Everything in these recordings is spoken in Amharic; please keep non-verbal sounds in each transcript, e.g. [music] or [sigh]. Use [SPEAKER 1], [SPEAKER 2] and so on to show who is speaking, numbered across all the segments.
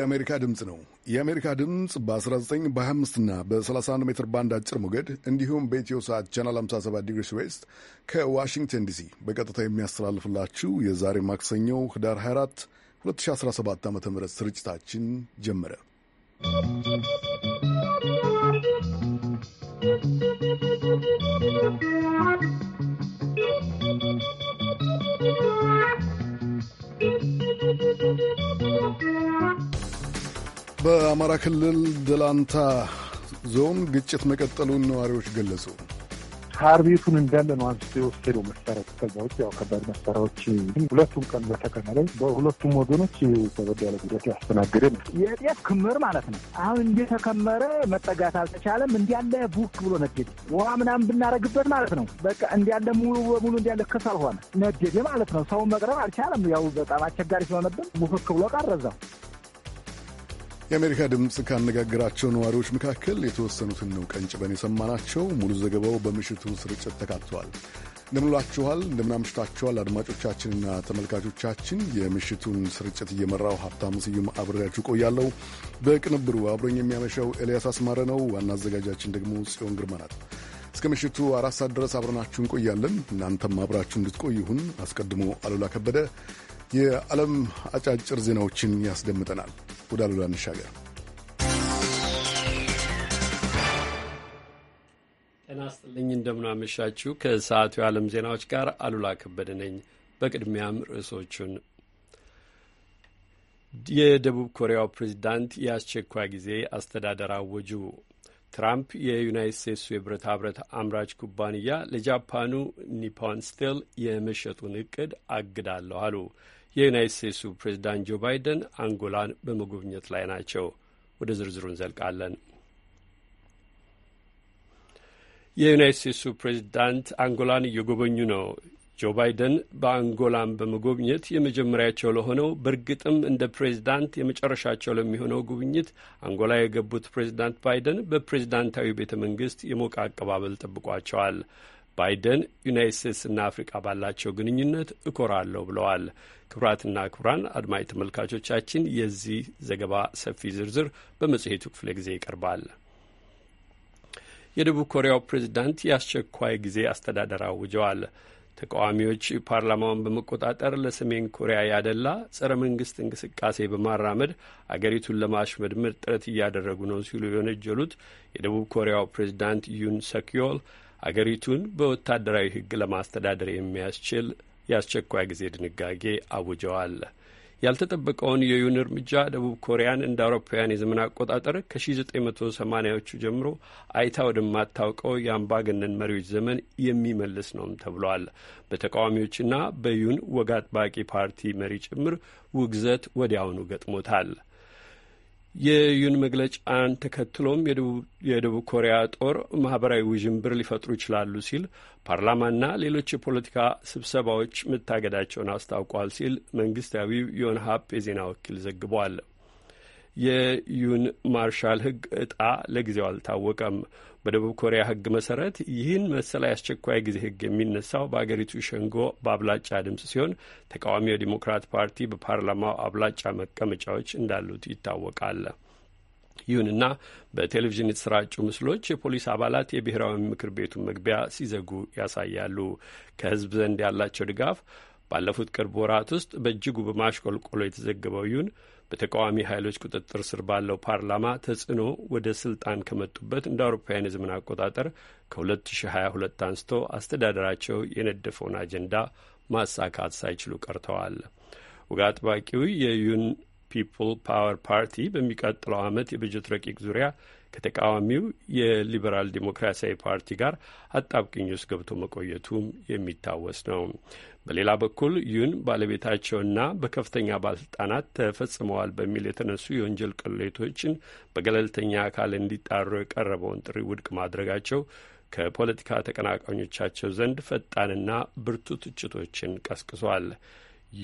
[SPEAKER 1] የአሜሪካ ድምፅ ነው። የአሜሪካ ድምፅ በ19 በ25ና በ31 ሜትር ባንድ አጭር ሞገድ እንዲሁም በኢትዮ ሰዓት ቻናል 57 ዲግሪስ ዌስት ከዋሽንግተን ዲሲ በቀጥታ የሚያስተላልፍላችሁ የዛሬ ማክሰኞ ህዳር 24 2017 ዓ ም ስርጭታችን ጀመረ። በአማራ ክልል ደላንታ ዞን ግጭት መቀጠሉን ነዋሪዎች ገለጹ። ሳር ቤቱን እንዳለ ነው አንስቶ የወሰደው መሳሪያ። ከዛ ውጭ ያው ከባድ መሳሪያዎች ሁለቱም ቀን በተከናላይ በሁለቱም ወገኖች ተበድ ያለ
[SPEAKER 2] ጉዳት ያስተናገደ ነው።
[SPEAKER 3] የጤፍ ክምር ማለት ነው። አሁን እንደተከመረ መጠጋት አልተቻለም። እንዲያለ ቡክ ብሎ ነደደ። ውሃ ምናምን ብናረግበት ማለት ነው። በቃ እንዲያለ ሙሉ በሙሉ እንዲያለ
[SPEAKER 4] ክሰል ሆነ፣ ነደደ ማለት ነው። ሰውን መቅረብ አልቻለም። ያው በጣም አስቸጋሪ ስለሆነብን ቡክክ ብሎ ቀረዛው
[SPEAKER 1] የአሜሪካ ድምፅ ካነጋገራቸው ነዋሪዎች መካከል የተወሰኑትን ነው ቀንጭበን የሰማናቸው። ሙሉ ዘገባው በምሽቱ ስርጭት ተካትቷል። እንደምንላችኋል፣ እንደምናምሽታችኋል አድማጮቻችንና ተመልካቾቻችን። የምሽቱን ስርጭት እየመራው ሀብታሙ ስዩም አብሬያችሁ ቆያለሁ። በቅንብሩ አብሮኝ የሚያመሻው ኤልያስ አስማረ ነው። ዋና አዘጋጃችን ደግሞ ጽዮን ግርማ ናት። እስከ ምሽቱ አራት ሰዓት ድረስ አብረናችሁ እንቆያለን። እናንተም አብራችሁ እንድትቆይ ይሁን። አስቀድሞ አሉላ ከበደ የዓለም አጫጭር ዜናዎችን ያስደምጠናል። ወደ አሉላ እንሻገር።
[SPEAKER 5] ጤና ስጥልኝ፣ እንደምናመሻችሁ። ከሰዓቱ የዓለም ዜናዎች ጋር አሉላ ከበደ ነኝ። በቅድሚያም ርዕሶቹን የደቡብ ኮሪያው ፕሬዚዳንት የአስቸኳይ ጊዜ አስተዳደር አወጁ። ትራምፕ የዩናይት ስቴትሱ የብረታ ብረት አምራች ኩባንያ ለጃፓኑ ኒፖን ስቴል የመሸጡን እቅድ አግዳለሁ አሉ። የዩናይት ስቴትሱ ፕሬዚዳንት ጆ ባይደን አንጎላን በመጎብኘት ላይ ናቸው። ወደ ዝርዝሩ እንዘልቃለን። የዩናይት ስቴትሱ ፕሬዚዳንት አንጎላን እየጎበኙ ነው። ጆ ባይደን በአንጎላን በመጎብኘት የመጀመሪያቸው ለሆነው በእርግጥም እንደ ፕሬዚዳንት የመጨረሻቸው ለሚሆነው ጉብኝት አንጎላ የገቡት ፕሬዚዳንት ባይደን በፕሬዚዳንታዊ ቤተ መንግስት የሞቀ አቀባበል ጠብቋቸዋል። ባይደን ዩናይት ስቴትስና አፍሪቃ ባላቸው ግንኙነት እኮራለሁ ብለዋል። ክቡራትና ክቡራን አድማጭ ተመልካቾቻችን የዚህ ዘገባ ሰፊ ዝርዝር በመጽሔቱ ክፍለ ጊዜ ይቀርባል። የደቡብ ኮሪያው ፕሬዚዳንት የአስቸኳይ ጊዜ አስተዳደር አውጀዋል። ተቃዋሚዎች ፓርላማውን በመቆጣጠር ለሰሜን ኮሪያ ያደላ ጸረ መንግስት እንቅስቃሴ በማራመድ አገሪቱን ለማሽመድመድ ጥረት እያደረጉ ነው ሲሉ የወነጀሉት የደቡብ ኮሪያው ፕሬዚዳንት ዩን ሰኪዮል አገሪቱን በወታደራዊ ሕግ ለማስተዳደር የሚያስችል የአስቸኳይ ጊዜ ድንጋጌ አውጀዋል። ያልተጠበቀውን የዩን እርምጃ ደቡብ ኮሪያን እንደ አውሮፓውያን የዘመን አቆጣጠር ከ1980ዎቹ ጀምሮ አይታ ወደማታውቀው የአምባገነን መሪዎች ዘመን የሚመልስ ነውም ተብሏል። በተቃዋሚዎችና በዩን ወግ አጥባቂ ፓርቲ መሪ ጭምር ውግዘት ወዲያውኑ ገጥሞታል። የዩን መግለጫን ተከትሎም የደቡብ ኮሪያ ጦር ማህበራዊ ውዥንብር ሊፈጥሩ ይችላሉ ሲል ፓርላማና ሌሎች የፖለቲካ ስብሰባዎች መታገዳቸውን አስታውቋል ሲል መንግስታዊው ዮንሃፕ የዜና ወኪል ዘግቧል። የዩን ማርሻል ህግ እጣ ለጊዜው አልታወቀም። በደቡብ ኮሪያ ህግ መሰረት ይህን መሰል የአስቸኳይ ጊዜ ህግ የሚነሳው በአገሪቱ ሸንጎ በአብላጫ ድምፅ ሲሆን ተቃዋሚው ዲሞክራት ፓርቲ በፓርላማው አብላጫ መቀመጫዎች እንዳሉት ይታወቃል። ይሁንና በቴሌቪዥን የተሰራጩ ምስሎች የፖሊስ አባላት የብሔራዊ ምክር ቤቱን መግቢያ ሲዘጉ ያሳያሉ። ከህዝብ ዘንድ ያላቸው ድጋፍ ባለፉት ቅርብ ወራት ውስጥ በእጅጉ በማሽቆልቆሎ የተዘገበው ይሁን በተቃዋሚ ኃይሎች ቁጥጥር ስር ባለው ፓርላማ ተጽዕኖ ወደ ስልጣን ከመጡበት እንደ አውሮፓውያን የዘመን አቆጣጠር ከ2022 አንስቶ አስተዳደራቸው የነደፈውን አጀንዳ ማሳካት ሳይችሉ ቀርተዋል። ወግ አጥባቂው የዩን ፒፕል ፓወር ፓርቲ በሚቀጥለው ዓመት የበጀት ረቂቅ ዙሪያ ከተቃዋሚው የሊበራል ዲሞክራሲያዊ ፓርቲ ጋር አጣብቅኝ ውስጥ ገብቶ መቆየቱም የሚታወስ ነው። በሌላ በኩል ዩን ባለቤታቸውና በከፍተኛ ባለስልጣናት ተፈጽመዋል በሚል የተነሱ የወንጀል ቅሌቶችን በገለልተኛ አካል እንዲጣሩ የቀረበውን ጥሪ ውድቅ ማድረጋቸው ከፖለቲካ ተቀናቃኞቻቸው ዘንድ ፈጣንና ብርቱ ትችቶችን ቀስቅሷል።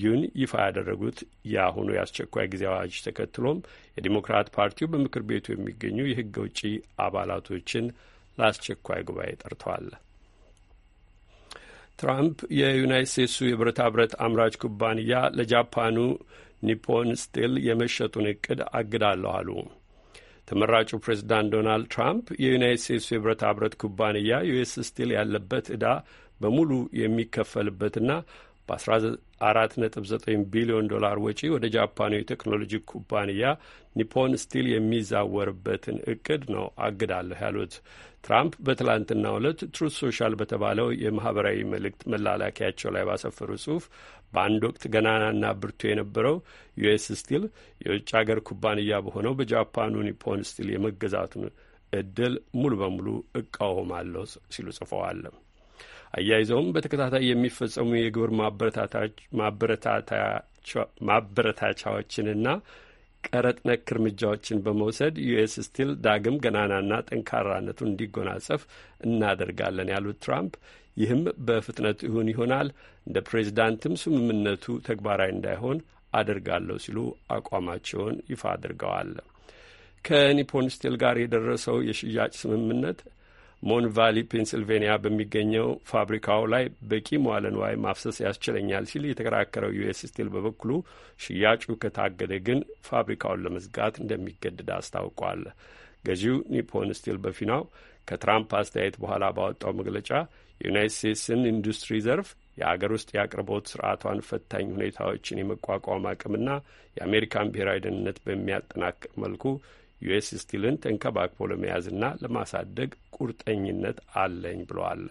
[SPEAKER 5] ዩን ይፋ ያደረጉት የአሁኑ የአስቸኳይ ጊዜ አዋጅ ተከትሎም የዲሞክራት ፓርቲው በምክር ቤቱ የሚገኙ የህገ ውጪ አባላቶችን ለአስቸኳይ ጉባኤ ጠርተዋል። ትራምፕ የዩናይት ስቴትሱ የብረታ ብረት አምራች ኩባንያ ለጃፓኑ ኒፖን ስቲል የመሸጡን እቅድ አግዳለሁ አሉ። ተመራጩ ፕሬዚዳንት ዶናልድ ትራምፕ የዩናይት ስቴትሱ የብረታ ብረት ኩባንያ ዩኤስ ስቲል ያለበት ዕዳ በሙሉ የሚከፈልበትና በ14.9 ቢሊዮን ዶላር ወጪ ወደ ጃፓኑ የቴክኖሎጂ ኩባንያ ኒፖን ስቲል የሚዛወርበትን እቅድ ነው አግዳለሁ ያሉት ትራምፕ በትላንትናው ዕለት ትሩት ሶሻል በተባለው የማህበራዊ መልእክት መላላኪያቸው ላይ ባሰፈሩ ጽሁፍ በአንድ ወቅት ገናናና ብርቱ የነበረው ዩኤስ ስቲል የውጭ አገር ኩባንያ በሆነው በጃፓኑ ኒፖን ስቲል የመገዛቱን እድል ሙሉ በሙሉ እቃወማለሁ ሲሉ ጽፈዋል። አያይዘውም በተከታታይ የሚፈጸሙ የግብር ማበረታቻዎችንና ቀረጥ ነክ እርምጃዎችን በመውሰድ ዩኤስ ስቲል ዳግም ገናናና ጠንካራነቱን እንዲጎናጸፍ እናደርጋለን ያሉት ትራምፕ ይህም በፍጥነት ይሁን ይሆናል እንደ ፕሬዚዳንትም ስምምነቱ ተግባራዊ እንዳይሆን አደርጋለሁ ሲሉ አቋማቸውን ይፋ አድርገዋል። ከኒፖን ስቲል ጋር የደረሰው የሽያጭ ስምምነት ሞንቫሊ ፔንስልቬንያ በሚገኘው ፋብሪካው ላይ በቂ መዋለ ንዋይ ማፍሰስ ያስችለኛል ሲል የተከራከረው ዩኤስ ስቲል በበኩሉ ሽያጩ ከታገደ ግን ፋብሪካውን ለመዝጋት እንደሚገድድ አስታውቋል። ገዢው ኒፖን ስቲል በፊናው ከትራምፕ አስተያየት በኋላ ባወጣው መግለጫ የዩናይት ስቴትስን ኢንዱስትሪ ዘርፍ የአገር ውስጥ የአቅርቦት ስርዓቷን ፈታኝ ሁኔታዎችን የመቋቋም አቅምና የአሜሪካን ብሔራዊ ደህንነት በሚያጠናክር መልኩ ዩኤስ ስቲልን ተንከባክቦ ለመያዝና ለማሳደግ ቁርጠኝነት አለኝ ብለዋል።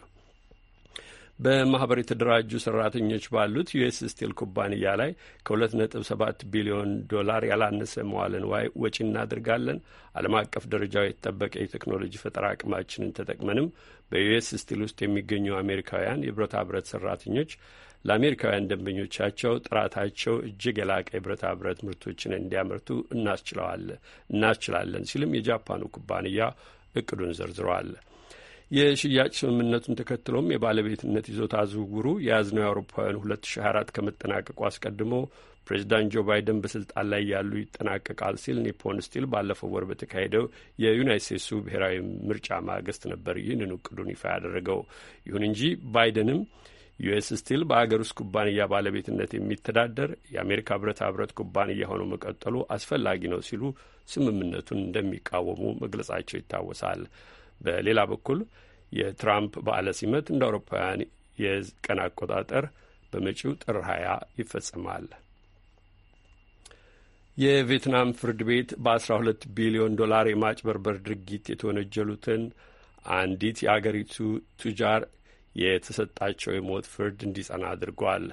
[SPEAKER 5] በማህበር የተደራጁ ሰራተኞች ባሉት ዩኤስ ስቲል ኩባንያ ላይ ከ2.7 ቢሊዮን ዶላር ያላነሰ መዋለ ንዋይ ወጪ እናድርጋለን። ዓለም አቀፍ ደረጃው የተጠበቀ የቴክኖሎጂ ፈጠራ አቅማችንን ተጠቅመንም በዩኤስ ስቲል ውስጥ የሚገኙ አሜሪካውያን የብረታ ብረት ሰራተኞች ለአሜሪካውያን ደንበኞቻቸው ጥራታቸው እጅግ የላቀ የብረታ ብረት ምርቶችን እንዲያመርቱ እናስችላለን ሲልም የጃፓኑ ኩባንያ እቅዱን ዘርዝረዋል። የሽያጭ ስምምነቱን ተከትሎም የባለቤትነት ይዞታ ዝውውሩ የያዝነው የአውሮፓውያኑ 2024 ከመጠናቀቁ አስቀድሞ ፕሬዚዳንት ጆ ባይደን በስልጣን ላይ ያሉ ይጠናቀቃል ሲል ኒፖን ስቲል ባለፈው ወር በተካሄደው የዩናይት ስቴትሱ ብሔራዊ ምርጫ ማግስት ነበር ይህንን እቅዱን ይፋ ያደረገው። ይሁን እንጂ ባይደንም ዩኤስ ስቲል በአገር ውስጥ ኩባንያ ባለቤትነት የሚተዳደር የአሜሪካ ብረታ ብረት ኩባንያ ሆኖ መቀጠሉ አስፈላጊ ነው ሲሉ ስምምነቱን እንደሚቃወሙ መግለጻቸው ይታወሳል። በሌላ በኩል የትራምፕ በዓለ ሲመት እንደ አውሮፓውያን የቀን አቆጣጠር በመጪው ጥር 20 ይፈጽማል። የቪየትናም ፍርድ ቤት በ12 ቢሊዮን ዶላር የማጭበርበር ድርጊት የተወነጀሉትን አንዲት የአገሪቱ ቱጃር የተሰጣቸው የሞት ፍርድ እንዲጸና አድርጓል።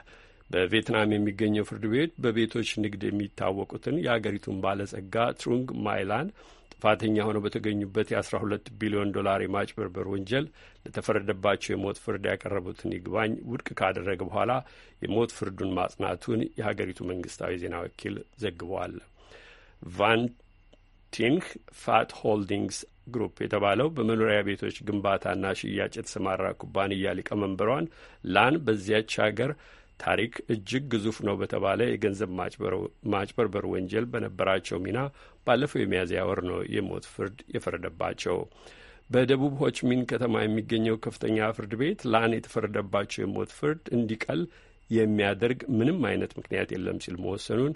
[SPEAKER 5] በቪየትናም የሚገኘው ፍርድ ቤት በቤቶች ንግድ የሚታወቁትን የአገሪቱን ባለጸጋ ትሩንግ ማይላን ጥፋተኛ ሆነው በተገኙበት የ12 ቢሊዮን ዶላር የማጭበርበር ወንጀል ለተፈረደባቸው የሞት ፍርድ ያቀረቡትን ይግባኝ ውድቅ ካደረገ በኋላ የሞት ፍርዱን ማጽናቱን የሀገሪቱ መንግስታዊ ዜና ወኪል ዘግቧል። ቫን ፋት ሆልዲንግስ ግሩፕ የተባለው በመኖሪያ ቤቶች ግንባታና ሽያጭ የተሰማራ ኩባንያ ሊቀመንበሯን ላን በዚያች ሀገር ታሪክ እጅግ ግዙፍ ነው በተባለ የገንዘብ ማጭበርበር ወንጀል በነበራቸው ሚና ባለፈው የሚያዝያ ወር ነው የሞት ፍርድ የፈረደባቸው። በደቡብ ሆችሚን ከተማ የሚገኘው ከፍተኛ ፍርድ ቤት ላን የተፈረደባቸው የሞት ፍርድ እንዲቀል የሚያደርግ ምንም አይነት ምክንያት የለም ሲል መወሰኑን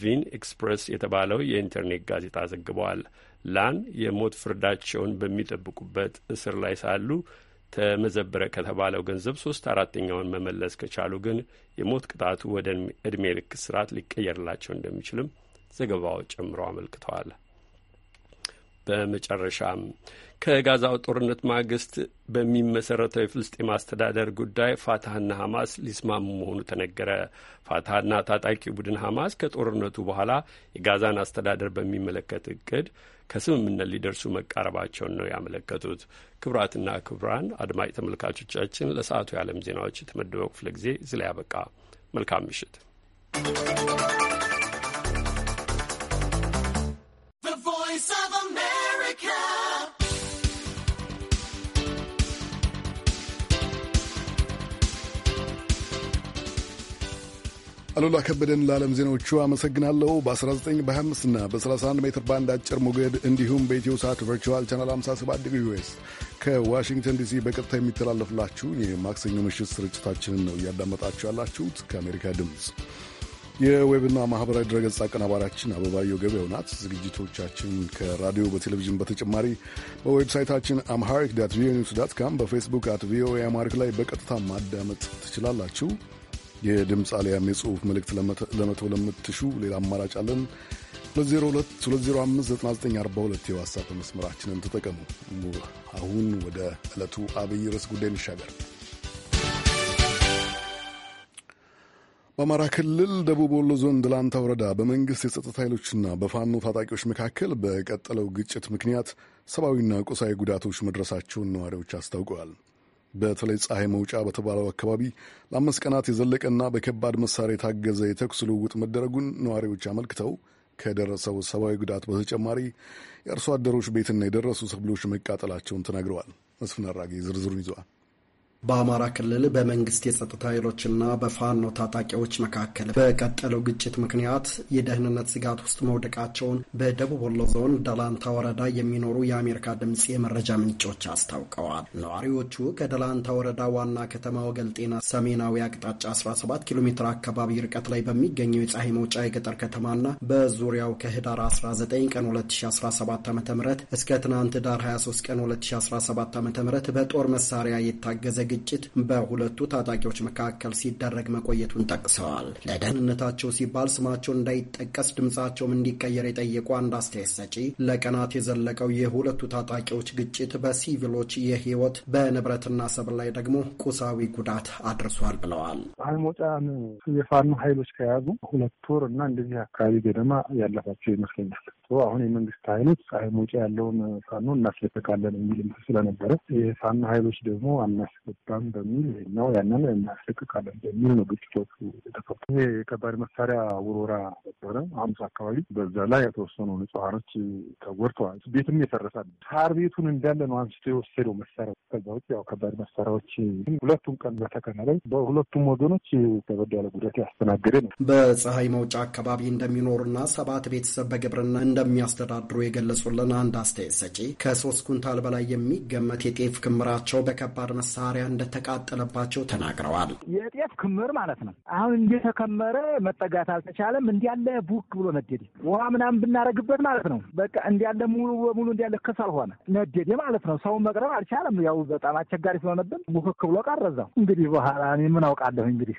[SPEAKER 5] ቪን ኤክስፕሬስ የተባለው የኢንተርኔት ጋዜጣ ዘግበዋል። ላን የሞት ፍርዳቸውን በሚጠብቁበት እስር ላይ ሳሉ ተመዘበረ ከተባለው ገንዘብ ሶስት አራተኛውን መመለስ ከቻሉ ግን የሞት ቅጣቱ ወደ እድሜ ልክ ስርዓት ሊቀየርላቸው እንደሚችልም ዘገባው ጨምሮ አመልክተዋል። በመጨረሻም ከጋዛው ጦርነት ማግስት በሚመሰረተው የፍልስጤም አስተዳደር ጉዳይ ፋታህና ሐማስ ሊስማሙ መሆኑ ተነገረ። ፋታህና ታጣቂ ቡድን ሐማስ ከጦርነቱ በኋላ የጋዛን አስተዳደር በሚመለከት እቅድ ከስምምነት ሊደርሱ መቃረባቸውን ነው ያመለከቱት። ክቡራትና ክቡራን አድማጭ ተመልካቾቻችን ለሰዓቱ የዓለም ዜናዎች የተመደበው ክፍለ ጊዜ ዝላ ያበቃ። መልካም ምሽት።
[SPEAKER 1] አሉላ ከበደን ለዓለም ዜናዎቹ አመሰግናለሁ። በ19 በ25 እና በ31 ሜትር ባንድ አጭር ሞገድ እንዲሁም በኢትዮ ሳት ቨርቹዋል ቻናል 57 ዲግሪ ዌስት ከዋሽንግተን ዲሲ በቀጥታ የሚተላለፍላችሁ የማክሰኞ ምሽት ስርጭታችንን ነው እያዳመጣችሁ ያላችሁት ከአሜሪካ ድምፅ የዌብና ማህበራዊ ድረገጽ አቀናባሪያችን አበባየው ገበያው ናት። ዝግጅቶቻችን ከራዲዮ በቴሌቪዥን በተጨማሪ በዌብሳይታችን አምሃሪክ ዳት ቪኦኤ ኒውስ ዳት ካም በፌስቡክ አት ቪኦኤ አማሪክ ላይ በቀጥታ ማዳመጥ ትችላላችሁ። የድምፅ አሊያም የጽሑፍ መልእክት ለመተው ለምትሹ ሌላ አማራጭ አለን። 2022059942 የዋሳፕ መስመራችንን ተጠቀሙ። አሁን ወደ ዕለቱ አብይ ርዕስ ጉዳይ እንሻገር። በአማራ ክልል ደቡብ ወሎ ዞን ድላንታ ወረዳ በመንግሥት የጸጥታ ኃይሎችና በፋኖ ታጣቂዎች መካከል በቀጠለው ግጭት ምክንያት ሰብአዊና ቁሳዊ ጉዳቶች መድረሳቸውን ነዋሪዎች አስታውቀዋል። በተለይ ፀሐይ መውጫ በተባለው አካባቢ ለአምስት ቀናት የዘለቀና በከባድ መሳሪያ የታገዘ የተኩስ ልውውጥ መደረጉን ነዋሪዎች አመልክተው ከደረሰው ሰብአዊ ጉዳት በተጨማሪ የአርሶ አደሮች ቤትና የደረሱ ሰብሎች መቃጠላቸውን ተናግረዋል። መስፍን አራጌ ዝርዝሩን ይዘዋል። በአማራ ክልል በመንግስት የጸጥታ ኃይሎችና
[SPEAKER 3] በፋኖ ታጣቂዎች መካከል በቀጠለው ግጭት ምክንያት የደህንነት ስጋት ውስጥ መውደቃቸውን በደቡብ ወሎ ዞን ደላንታ ወረዳ የሚኖሩ የአሜሪካ ድምፅ የመረጃ ምንጮች አስታውቀዋል። ነዋሪዎቹ ከደላንታ ወረዳ ዋና ከተማ ወገልጤና ሰሜናዊ አቅጣጫ 17 ኪሎ ሜትር አካባቢ ርቀት ላይ በሚገኘው የፀሐይ መውጫ የገጠር ከተማና በዙሪያው ከህዳር 19 ቀን 2017 ዓ ም እስከ ትናንት ህዳር 23 ቀን 2017 ዓ ም በጦር መሳሪያ የታገዘ ግጭት በሁለቱ ታጣቂዎች መካከል ሲደረግ መቆየቱን ጠቅሰዋል። ለደህንነታቸው ሲባል ስማቸው እንዳይጠቀስ ድምፃቸውም እንዲቀየር የጠየቁ አንድ አስተያየት ሰጪ ለቀናት የዘለቀው የሁለቱ ታጣቂዎች ግጭት በሲቪሎች የህይወት በንብረትና ሰብል ላይ ደግሞ ቁሳዊ ጉዳት አድርሷል ብለዋል።
[SPEAKER 6] ፀሐይ መውጫን የፋኖ ኃይሎች ከያዙ ሁለት ወር እና እንደዚህ አካባቢ ገደማ ያለፋቸው ይመስለኛል። አሁን የመንግስት ኃይሎች ፀሐይ መውጫ ያለውን ፋኖ እናስለቀቃለን የሚል ስለነበረ
[SPEAKER 7] የፋኖ ኃይሎች ደግሞ አናስ አልተፈታም በሚል ነው ያንን እናስለቅቃለን በሚል ነው ግጭቶቹ የተፈቱ።
[SPEAKER 6] ይሄ የከባድ መሳሪያ ውሮራ ነበረ ሐሙስ አካባቢ። በዛ ላይ የተወሰኑ ንጹሐኖች ተጎድተዋል። ቤትም የፈረሳል። ሳር ቤቱን እንዳለ ነው አንስቶ የወሰደው መሳሪያ። ከዛ ውጭ ያው ከባድ መሳሪያዎች ሁለቱም ቀን በተከናላይ በሁለቱም ወገኖች
[SPEAKER 3] ከበድ ያለ ጉዳት ያስተናገደ ነው። በፀሐይ መውጫ አካባቢ እንደሚኖሩና ሰባት ቤተሰብ በግብርና እንደሚያስተዳድሩ የገለጹልን አንድ አስተያየት ሰጪ ከሶስት ኩንታል በላይ የሚገመት የጤፍ ክምራቸው በከባድ መሳሪያ እንደተቃጠለባቸው ተናግረዋል።
[SPEAKER 4] የጤፍ ክምር
[SPEAKER 3] ማለት ነው።
[SPEAKER 6] አሁን እንደተከመረ መጠጋት አልተቻለም። እንዲያለ ቡክ ብሎ ነደደ። ውሃ
[SPEAKER 3] ምናምን ብናረግበት ማለት ነው። በቃ እንዲያለ ሙሉ በሙሉ እንዲያለ ከሰል ሆነ፣ ነደደ ማለት ነው። ሰውን መቅረብ አልቻለም። ያው በጣም አስቸጋሪ ስለሆነብን ቡክክ ብሎ ቀረዛው።
[SPEAKER 4] እንግዲህ በኋላ እኔ ምን አውቃለሁ። እንግዲህ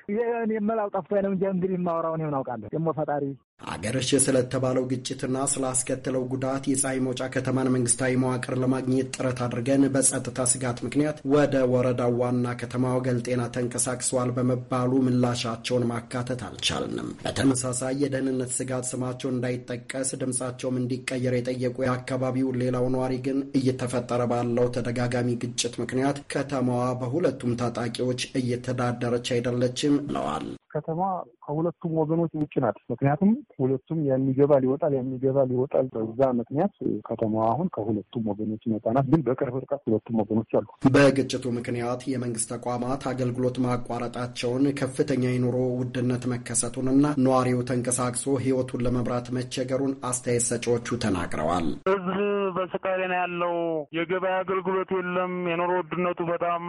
[SPEAKER 3] የመላው ጠፍቶ ነው እንጂ እንግዲህ የማወራውን ምን አውቃለሁ ደግሞ ፈጣሪ አገረሽ ስለተባለው ግጭትና ስላስከተለው ጉዳት የፀሐይ መውጫ ከተማን መንግስታዊ መዋቅር ለማግኘት ጥረት አድርገን በጸጥታ ስጋት ምክንያት ወደ ወረዳው ዋና ከተማ ወገል ጤና ተንቀሳቅሰዋል በመባሉ ምላሻቸውን ማካተት አልቻልንም። በተመሳሳይ የደህንነት ስጋት ስማቸው እንዳይጠቀስ ድምፃቸውም እንዲቀየር የጠየቁ የአካባቢው ሌላው ነዋሪ ግን እየተፈጠረ ባለው ተደጋጋሚ ግጭት ምክንያት ከተማዋ በሁለቱም ታጣቂዎች እየተዳደረች አይደለችም
[SPEAKER 6] ብለዋል። ከተማ ከሁለቱም ወገኖች ውጭ ናት። ምክንያቱም ሁለቱም የሚገባ ሊወጣል የሚገባ ሊወጣል። በዛ ምክንያት ከተማዋ አሁን ከሁለቱም ወገኖች ነጻ ናት። ግን በቅርብ ርቀት ሁለቱም
[SPEAKER 2] ወገኖች አሉ።
[SPEAKER 3] በግጭቱ ምክንያት የመንግስት ተቋማት አገልግሎት ማቋረጣቸውን፣ ከፍተኛ የኑሮ ውድነት መከሰቱንና ነዋሪው ተንቀሳቅሶ ህይወቱን ለመብራት መቸገሩን አስተያየት ሰጪዎቹ ተናግረዋል። ህዝብ በስቃይ ነው ያለው። የገበያ አገልግሎት የለም። የኑሮ ውድነቱ በጣም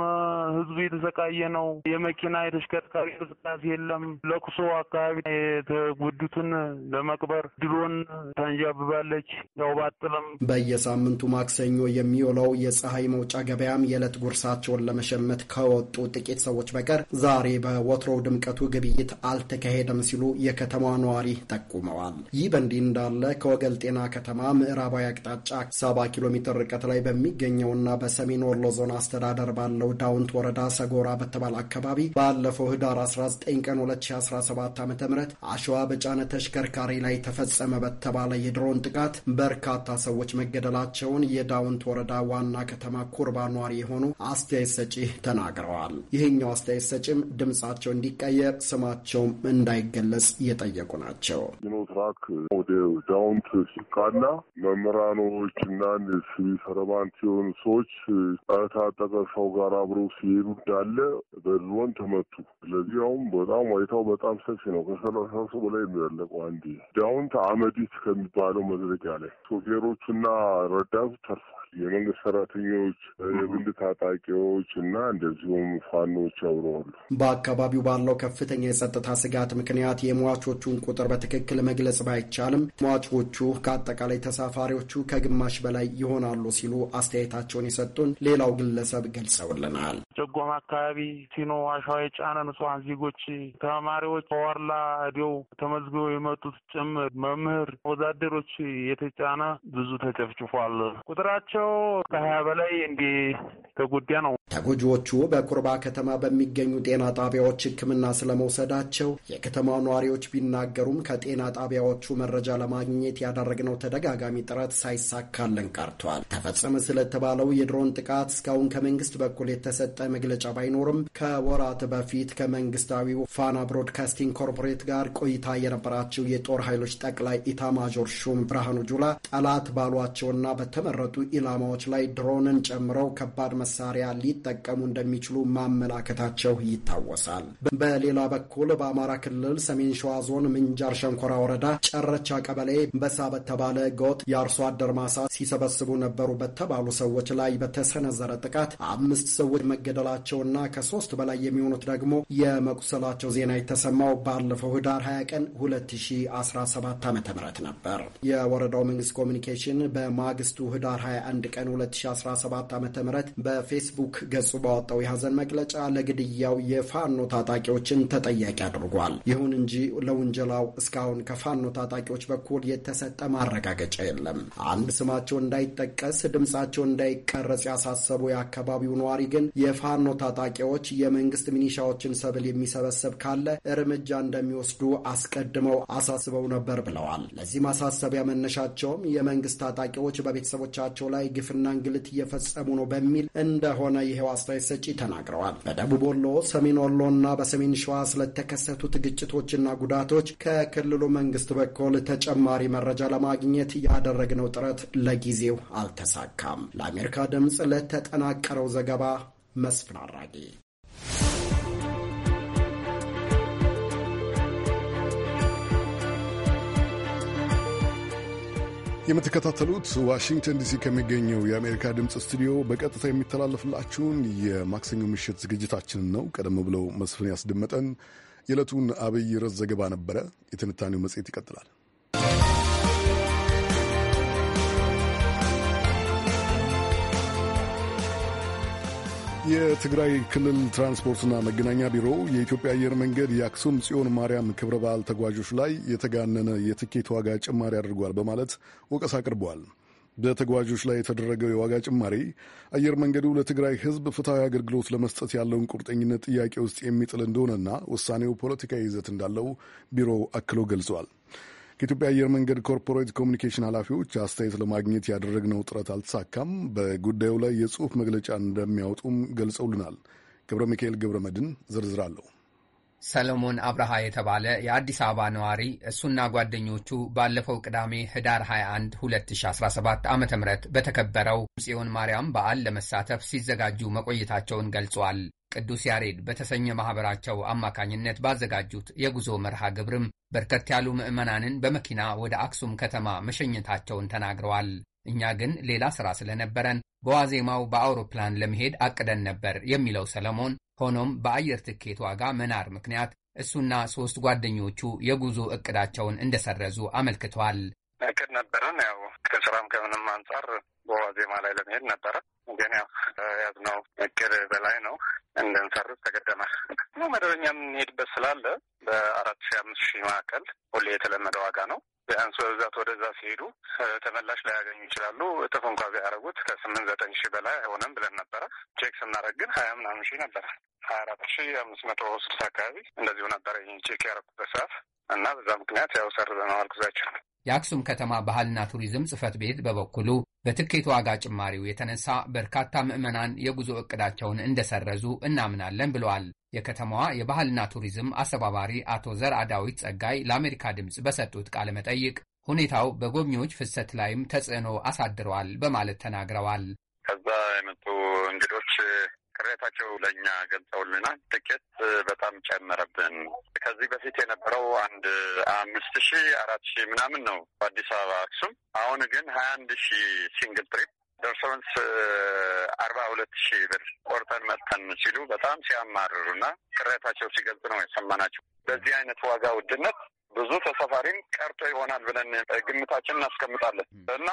[SPEAKER 3] ህዝቡ የተሰቃየ ነው። የመኪና የተሽከርካሪ እንቅስቃሴ
[SPEAKER 6] የለም። አይደለም ለቅሶ አካባቢ የተጎዱትን ለመቅበር ድሮን
[SPEAKER 5] ተንዣብባለች። ያው ባጥለም
[SPEAKER 3] በየሳምንቱ ማክሰኞ የሚውለው የፀሐይ መውጫ ገበያም የዕለት ጉርሳቸውን ለመሸመት ከወጡ ጥቂት ሰዎች በቀር ዛሬ በወትሮው ድምቀቱ ግብይት አልተካሄደም ሲሉ የከተማ ነዋሪ ጠቁመዋል። ይህ በእንዲህ እንዳለ ከወገል ጤና ከተማ ምዕራባዊ አቅጣጫ ሰባ ኪሎ ሜትር ርቀት ላይ በሚገኘውና በሰሜን ወሎ ዞን አስተዳደር ባለው ዳውንት ወረዳ ሰጎራ በተባለ አካባቢ ባለፈው ህዳር 19 ቀን ቀን 2017 ዓ ም አሸዋ በጫነ ተሽከርካሪ ላይ ተፈጸመ በተባለ የድሮን ጥቃት በርካታ ሰዎች መገደላቸውን የዳውንት ወረዳ ዋና ከተማ ኩርባ ኗሪ የሆኑ አስተያየት ሰጪ ተናግረዋል። ይህኛው አስተያየት ሰጪም ድምጻቸው እንዲቀየር ስማቸውም እንዳይገለጽ እየጠየቁ ናቸው።
[SPEAKER 8] ትራክ ወደ ዳውንት ሲቃና መምህራኖች እና ሲቪል ሰርቫንት የሆኑ ሰዎች ከታጠቀ ሰው ጋር አብረው ሲሄዱ እንዳለ በድሮን ተመቱ። ስለዚህ አሁን በጣም ዋይታው በጣም ሰፊ ነው። ከሰላሳ ሰው በላይ ነው ያለቀው። አንዴ ዳውንት አመዲት ከሚባለው መዝለቂያ ላይ ሾፌሮቹና ረዳቱ ተርፏል። የመንግስት ሰራተኞች፣ የግል ታጣቂዎች እና እንደዚሁም ፋኖች አብረዋሉ።
[SPEAKER 3] በአካባቢው ባለው ከፍተኛ የጸጥታ ስጋት ምክንያት የሟቾቹን ቁጥር በትክክል መግለጽ ባይቻልም ሟቾቹ ከአጠቃላይ ተሳፋሪዎቹ ከግማሽ በላይ ይሆናሉ ሲሉ አስተያየታቸውን የሰጡን ሌላው ግለሰብ ገልጸውልናል።
[SPEAKER 4] ጀጎማ አካባቢ ሲኖ አሸዋ የጫነ ንጹሐን ዜጎች፣ ተማሪዎች፣ ከዋርላ እዲው ተመዝግበው የመጡት ጭምር መምህር፣ ወዛደሮች
[SPEAKER 8] የተጫነ ብዙ ተጨፍጭፏል። ቁጥራቸው
[SPEAKER 4] ቁጥራቸው ከሀያ በላይ
[SPEAKER 3] እንዲተጎዳ ነው። ተጎጂዎቹ በኩርባ ከተማ በሚገኙ ጤና ጣቢያዎች ሕክምና ስለመውሰዳቸው የከተማው ነዋሪዎች ቢናገሩም ከጤና ጣቢያዎቹ መረጃ ለማግኘት ያደረግነው ተደጋጋሚ ጥረት ሳይሳካልን ቀርቷል። ተፈጸመ ስለተባለው የድሮን ጥቃት እስካሁን ከመንግስት በኩል የተሰጠ መግለጫ ባይኖርም ከወራት በፊት ከመንግስታዊው ፋና ብሮድካስቲንግ ኮርፖሬት ጋር ቆይታ የነበራቸው የጦር ኃይሎች ጠቅላይ ኢታማዦር ሹም ብርሃኑ ጁላ ጠላት ባሏቸውና በተመረጡ ኢላ ኢላማዎች ላይ ድሮንን ጨምረው ከባድ መሳሪያ ሊጠቀሙ እንደሚችሉ ማመላከታቸው ይታወሳል። በሌላ በኩል በአማራ ክልል ሰሜን ሸዋ ዞን ምንጃር ሸንኮራ ወረዳ ጨረቻ ቀበሌ በሳ በተባለ ጎጥ የአርሶ አደር ማሳ ሲሰበስቡ ነበሩ በተባሉ ሰዎች ላይ በተሰነዘረ ጥቃት አምስት ሰዎች መገደላቸውና ከሶስት በላይ የሚሆኑት ደግሞ የመቁሰላቸው ዜና የተሰማው ባለፈው ህዳር 20 ቀን 2017 ዓ ም ነበር። የወረዳው መንግስት ኮሚኒኬሽን በማግስቱ ህዳር 21 21 ቀን 2017 ዓ ም በፌስቡክ ገጹ ባወጣው የሐዘን መግለጫ ለግድያው የፋኖ ታጣቂዎችን ተጠያቂ አድርጓል። ይሁን እንጂ ለውንጀላው እስካሁን ከፋኖ ታጣቂዎች በኩል የተሰጠ ማረጋገጫ የለም። አንድ ስማቸው እንዳይጠቀስ ድምፃቸው እንዳይቀረጽ ያሳሰቡ የአካባቢው ነዋሪ ግን የፋኖ ታጣቂዎች የመንግስት ሚኒሻዎችን ሰብል የሚሰበሰብ ካለ እርምጃ እንደሚወስዱ አስቀድመው አሳስበው ነበር ብለዋል። ለዚህ ማሳሰቢያ መነሻቸውም የመንግስት ታጣቂዎች በቤተሰቦቻቸው ላይ ግፍና እንግልት እየፈጸሙ ነው በሚል እንደሆነ ይሄው አስተያየት ሰጪ ተናግረዋል። በደቡብ ወሎ፣ ሰሜን ወሎ እና በሰሜን ሸዋ ስለተከሰቱት ግጭቶችና ጉዳቶች ከክልሉ መንግስት በኩል ተጨማሪ መረጃ ለማግኘት ያደረግነው ጥረት ለጊዜው አልተሳካም። ለአሜሪካ ድምፅ ለተጠናቀረው ዘገባ መስፍን አራጌ
[SPEAKER 1] የምትከታተሉት ዋሽንግተን ዲሲ ከሚገኘው የአሜሪካ ድምፅ ስቱዲዮ በቀጥታ የሚተላለፍላችሁን የማክሰኞ ምሽት ዝግጅታችንን ነው። ቀደም ብለው መስፍን ያስደመጠን የዕለቱን አብይ ርዕስ ዘገባ ነበረ። የትንታኔው መጽሔት ይቀጥላል። የትግራይ ክልል ትራንስፖርትና መገናኛ ቢሮ የኢትዮጵያ አየር መንገድ የአክሱም ጽዮን ማርያም ክብረ በዓል ተጓዦች ላይ የተጋነነ የትኬት ዋጋ ጭማሪ አድርጓል በማለት ወቀሳ አቅርበዋል። በተጓዦች ላይ የተደረገው የዋጋ ጭማሪ አየር መንገዱ ለትግራይ ሕዝብ ፍትሐዊ አገልግሎት ለመስጠት ያለውን ቁርጠኝነት ጥያቄ ውስጥ የሚጥል እንደሆነና ውሳኔው ፖለቲካዊ ይዘት እንዳለው ቢሮው አክሎ ገልጿል። ከኢትዮጵያ አየር መንገድ ኮርፖሬት ኮሚኒኬሽን ኃላፊዎች አስተያየት ለማግኘት ያደረግነው ጥረት አልተሳካም። በጉዳዩ ላይ የጽሑፍ መግለጫ እንደሚያወጡም ገልጸውልናል። ገብረ ሚካኤል ገብረ መድን ዝርዝር አለው። ሰሎሞን
[SPEAKER 6] አብርሃ የተባለ የአዲስ አበባ ነዋሪ እሱና ጓደኞቹ ባለፈው ቅዳሜ ህዳር 21 2017 ዓ ም በተከበረው ጽዮን ማርያም በዓል ለመሳተፍ ሲዘጋጁ መቆየታቸውን ገልጿል። ቅዱስ ያሬድ በተሰኘ ማኅበራቸው አማካኝነት ባዘጋጁት የጉዞ መርሃ ግብርም በርከት ያሉ ምዕመናንን በመኪና ወደ አክሱም ከተማ መሸኘታቸውን ተናግረዋል። እኛ ግን ሌላ ሥራ ስለነበረን በዋዜማው በአውሮፕላን ለመሄድ አቅደን ነበር የሚለው ሰለሞን፣ ሆኖም በአየር ትኬት ዋጋ መናር ምክንያት እሱና ሶስት ጓደኞቹ የጉዞ እቅዳቸውን እንደሰረዙ አመልክተዋል።
[SPEAKER 4] እቅድ ነበረን ያው ከስራም ከምንም አንጻር በዋዜማ ላይ ለመሄድ ነበረ። ግን ያው
[SPEAKER 2] ያዝነው እቅድ በላይ ነው እንድንሰርዝ ተገደናል። መደበኛ የምንሄድበት ስላለ
[SPEAKER 8] በአራት ሺ አምስት ሺህ መካከል ሁሌ የተለመደ ዋጋ ነው። ቢያንስ በብዛት ወደዛ ሲሄዱ ተመላሽ ላያገኙ ይችላሉ። እጥፍ እንኳ ቢያደርጉት ከስምንት ዘጠኝ ሺህ በላይ አይሆንም ብለን ነበረ።
[SPEAKER 4] ቼክ ስናደርግ ግን ሀያ ምናምን ሺህ ነበረ። ሀያ አራት ሺህ አምስት መቶ ስድስት አካባቢ
[SPEAKER 6] እንደዚሁ ነበረ ቼክ ያደረኩበት ሰዓት እና በዛ ምክንያት ያው ሰርዘነዋል ጉዟችን። የአክሱም ከተማ ባህልና ቱሪዝም ጽሕፈት ቤት በበኩሉ በትኬት ዋጋ ጭማሪው የተነሳ በርካታ ምዕመናን የጉዞ እቅዳቸውን እንደሰረዙ እናምናለን ብለዋል። የከተማዋ የባህልና ቱሪዝም አስተባባሪ አቶ ዘርአ ዳዊት ጸጋይ ለአሜሪካ ድምፅ በሰጡት ቃለ መጠይቅ ሁኔታው በጎብኚዎች ፍሰት ላይም ተጽዕኖ አሳድረዋል በማለት ተናግረዋል። ከዛ
[SPEAKER 2] የመጡ እንግዶች ቅሬታቸው ለእኛ ገልጸውልናል። ትኬት በጣም ጨመረብን። ከዚህ በፊት የነበረው አንድ አምስት ሺ አራት ሺ ምናምን ነው በአዲስ አበባ አክሱም። አሁን ግን ሀያ አንድ ሺ ሲንግል ትሪፕ ደርሰውንስ አርባ ሁለት ሺህ ብር ቆርጠን መጥተን ሲሉ በጣም ሲያማርሩና ቅሬታቸው ሲገልጽ ነው የሰማናቸው። በዚህ አይነት ዋጋ ውድነት ብዙ ተሳፋሪም ቀርቶ ይሆናል ብለን ግምታችን
[SPEAKER 8] እናስቀምጣለን እና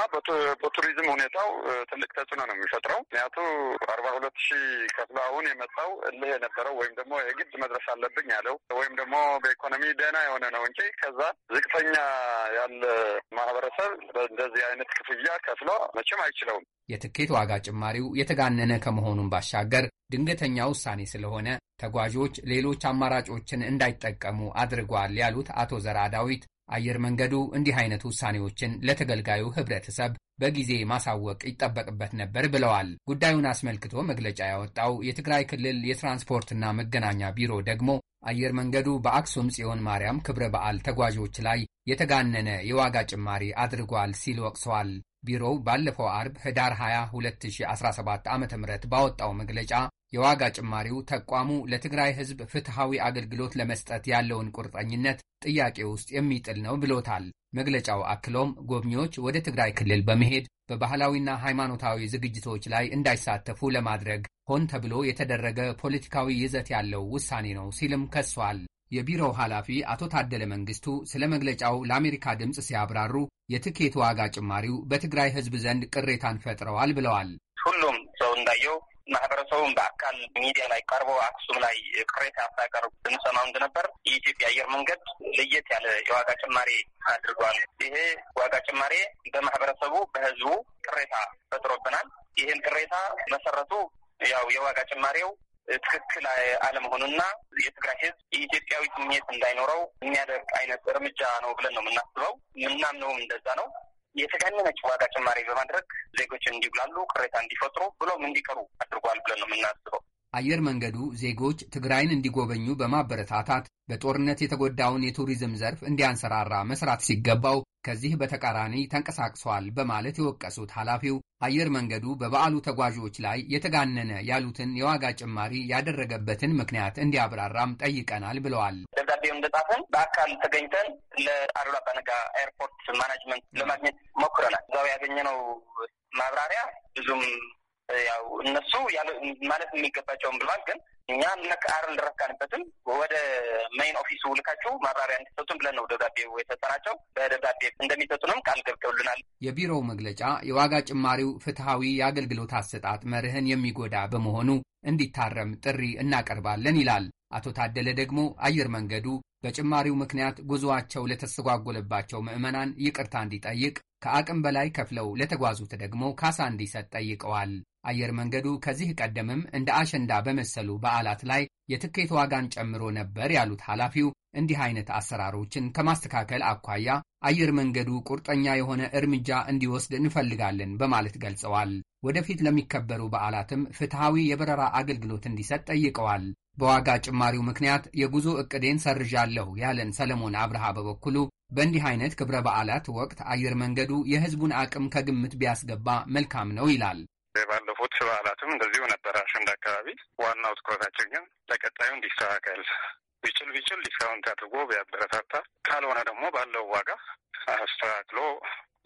[SPEAKER 8] በቱሪዝም ሁኔታው ትልቅ ተጽዕኖ ነው የሚፈጥረው። ምክንያቱ አርባ ሁለት ሺህ ከፍሎ አሁን የመጣው እልህ የነበረው ወይም ደግሞ የግድ መድረስ አለብኝ ያለው ወይም ደግሞ በኢኮኖሚ ደህና የሆነ ነው እንጂ ከዛ ዝቅተኛ ያለ ማህበረሰብ
[SPEAKER 1] በእንደዚህ አይነት ክፍያ ከፍሎ መቼም አይችለውም።
[SPEAKER 6] የትኬት ዋጋ ጭማሪው የተጋነነ ከመሆኑን ባሻገር ድንገተኛ ውሳኔ ስለሆነ ተጓዦች ሌሎች አማራጮችን እንዳይጠቀሙ አድርጓል ያሉት አቶ ዘራ ዳዊት አየር መንገዱ እንዲህ አይነት ውሳኔዎችን ለተገልጋዩ ህብረተሰብ በጊዜ ማሳወቅ ይጠበቅበት ነበር ብለዋል። ጉዳዩን አስመልክቶ መግለጫ ያወጣው የትግራይ ክልል የትራንስፖርትና መገናኛ ቢሮ ደግሞ አየር መንገዱ በአክሱም ጽዮን ማርያም ክብረ በዓል ተጓዦች ላይ የተጋነነ የዋጋ ጭማሪ አድርጓል ሲል ወቅሰዋል። ቢሮው ባለፈው አርብ ህዳር 20 2017 ዓ ም ባወጣው መግለጫ የዋጋ ጭማሪው ተቋሙ ለትግራይ ህዝብ ፍትሐዊ አገልግሎት ለመስጠት ያለውን ቁርጠኝነት ጥያቄ ውስጥ የሚጥል ነው ብሎታል። መግለጫው አክሎም ጎብኚዎች ወደ ትግራይ ክልል በመሄድ በባህላዊና ሃይማኖታዊ ዝግጅቶች ላይ እንዳይሳተፉ ለማድረግ ሆን ተብሎ የተደረገ ፖለቲካዊ ይዘት ያለው ውሳኔ ነው ሲልም ከሷል። የቢሮው ኃላፊ አቶ ታደለ መንግስቱ ስለ መግለጫው ለአሜሪካ ድምፅ ሲያብራሩ የትኬት ዋጋ ጭማሪው በትግራይ ሕዝብ ዘንድ ቅሬታን ፈጥረዋል ብለዋል። ሁሉም ሰው እንዳየው ማህበረሰቡን በአካል ሚዲያ ላይ ቀርቦ አክሱም ላይ ቅሬታ ሳቀርብ ስንሰማው እንደነበር የኢትዮጵያ አየር መንገድ ለየት ያለ የዋጋ ጭማሪ አድርጓል። ይሄ ዋጋ ጭማሪ በማህበረሰቡ በህዝቡ ቅሬታ ፈጥሮብናል። ይህን ቅሬታ መሰረቱ
[SPEAKER 2] ያው የዋጋ ጭማሪው ትክክል አለመሆኑና የትግራይ ህዝብ የኢትዮጵያዊ ስሜት እንዳይኖረው የሚያደርግ አይነት እርምጃ ነው ብለን ነው የምናስበው። የምናምነውም እንደዛ ነው።
[SPEAKER 6] የተጋነነች ዋጋ ጭማሪ በማድረግ ዜጎች እንዲጉላሉ፣ ቅሬታ እንዲፈጥሩ ብሎም እንዲቀሩ አድርጓል ብለን ነው የምናስበው። አየር መንገዱ ዜጎች ትግራይን እንዲጎበኙ በማበረታታት በጦርነት የተጎዳውን የቱሪዝም ዘርፍ እንዲያንሰራራ መስራት ሲገባው ከዚህ በተቃራኒ ተንቀሳቅሷል በማለት የወቀሱት ኃላፊው አየር መንገዱ በበዓሉ ተጓዦች ላይ የተጋነነ ያሉትን የዋጋ ጭማሪ ያደረገበትን ምክንያት እንዲያብራራም ጠይቀናል ብለዋል። ደብዳቤው እንደጻፈን በአካል ተገኝተን ለአሉላ አባነጋ ኤርፖርት ማናጅመንት ለማግኘት ሞክረናል። እዛው ያገኘነው ማብራሪያ ብዙም ያው እነሱ ማለት የሚገባቸውን ብለዋል። ግን እኛ ነክ አር ልረካንበትም ወደ ሜይን
[SPEAKER 4] ኦፊሱ ልካችሁ ማብራሪያ እንዲሰጡን ብለን ነው ደብዳቤው የተሰራቸው።
[SPEAKER 6] በደብዳቤ እንደሚሰጡንም ቃል ገብተውልናል። የቢሮው መግለጫ የዋጋ ጭማሪው ፍትሐዊ የአገልግሎት አሰጣጥ መርህን የሚጎዳ በመሆኑ እንዲታረም ጥሪ እናቀርባለን ይላል። አቶ ታደለ ደግሞ አየር መንገዱ በጭማሪው ምክንያት ጉዞአቸው ለተስተጓጎለባቸው ምዕመናን ይቅርታ እንዲጠይቅ ከአቅም በላይ ከፍለው ለተጓዙት ደግሞ ካሳ እንዲሰጥ ጠይቀዋል። አየር መንገዱ ከዚህ ቀደምም እንደ አሸንዳ በመሰሉ በዓላት ላይ የትኬት ዋጋን ጨምሮ ነበር ያሉት ኃላፊው፣ እንዲህ አይነት አሰራሮችን ከማስተካከል አኳያ አየር መንገዱ ቁርጠኛ የሆነ እርምጃ እንዲወስድ እንፈልጋለን በማለት ገልጸዋል። ወደፊት ለሚከበሩ በዓላትም ፍትሐዊ የበረራ አገልግሎት እንዲሰጥ ጠይቀዋል። በዋጋ ጭማሪው ምክንያት የጉዞ ዕቅዴን ሰርዣለሁ ያለን ሰለሞን አብርሃ በበኩሉ በእንዲህ አይነት ክብረ በዓላት ወቅት አየር መንገዱ የህዝቡን አቅም ከግምት ቢያስገባ መልካም ነው ይላል።
[SPEAKER 2] ባለፉት በዓላትም እንደዚሁ
[SPEAKER 4] ነበር አሸንዳ አካባቢ። ዋናው ትኩረታችን ግን ለቀጣዩ እንዲስተካከል ቢችል ቢችል ዲስካውንት አድርጎ ቢያበረታታ፣ ካልሆነ ደግሞ ባለው ዋጋ አስተካክሎ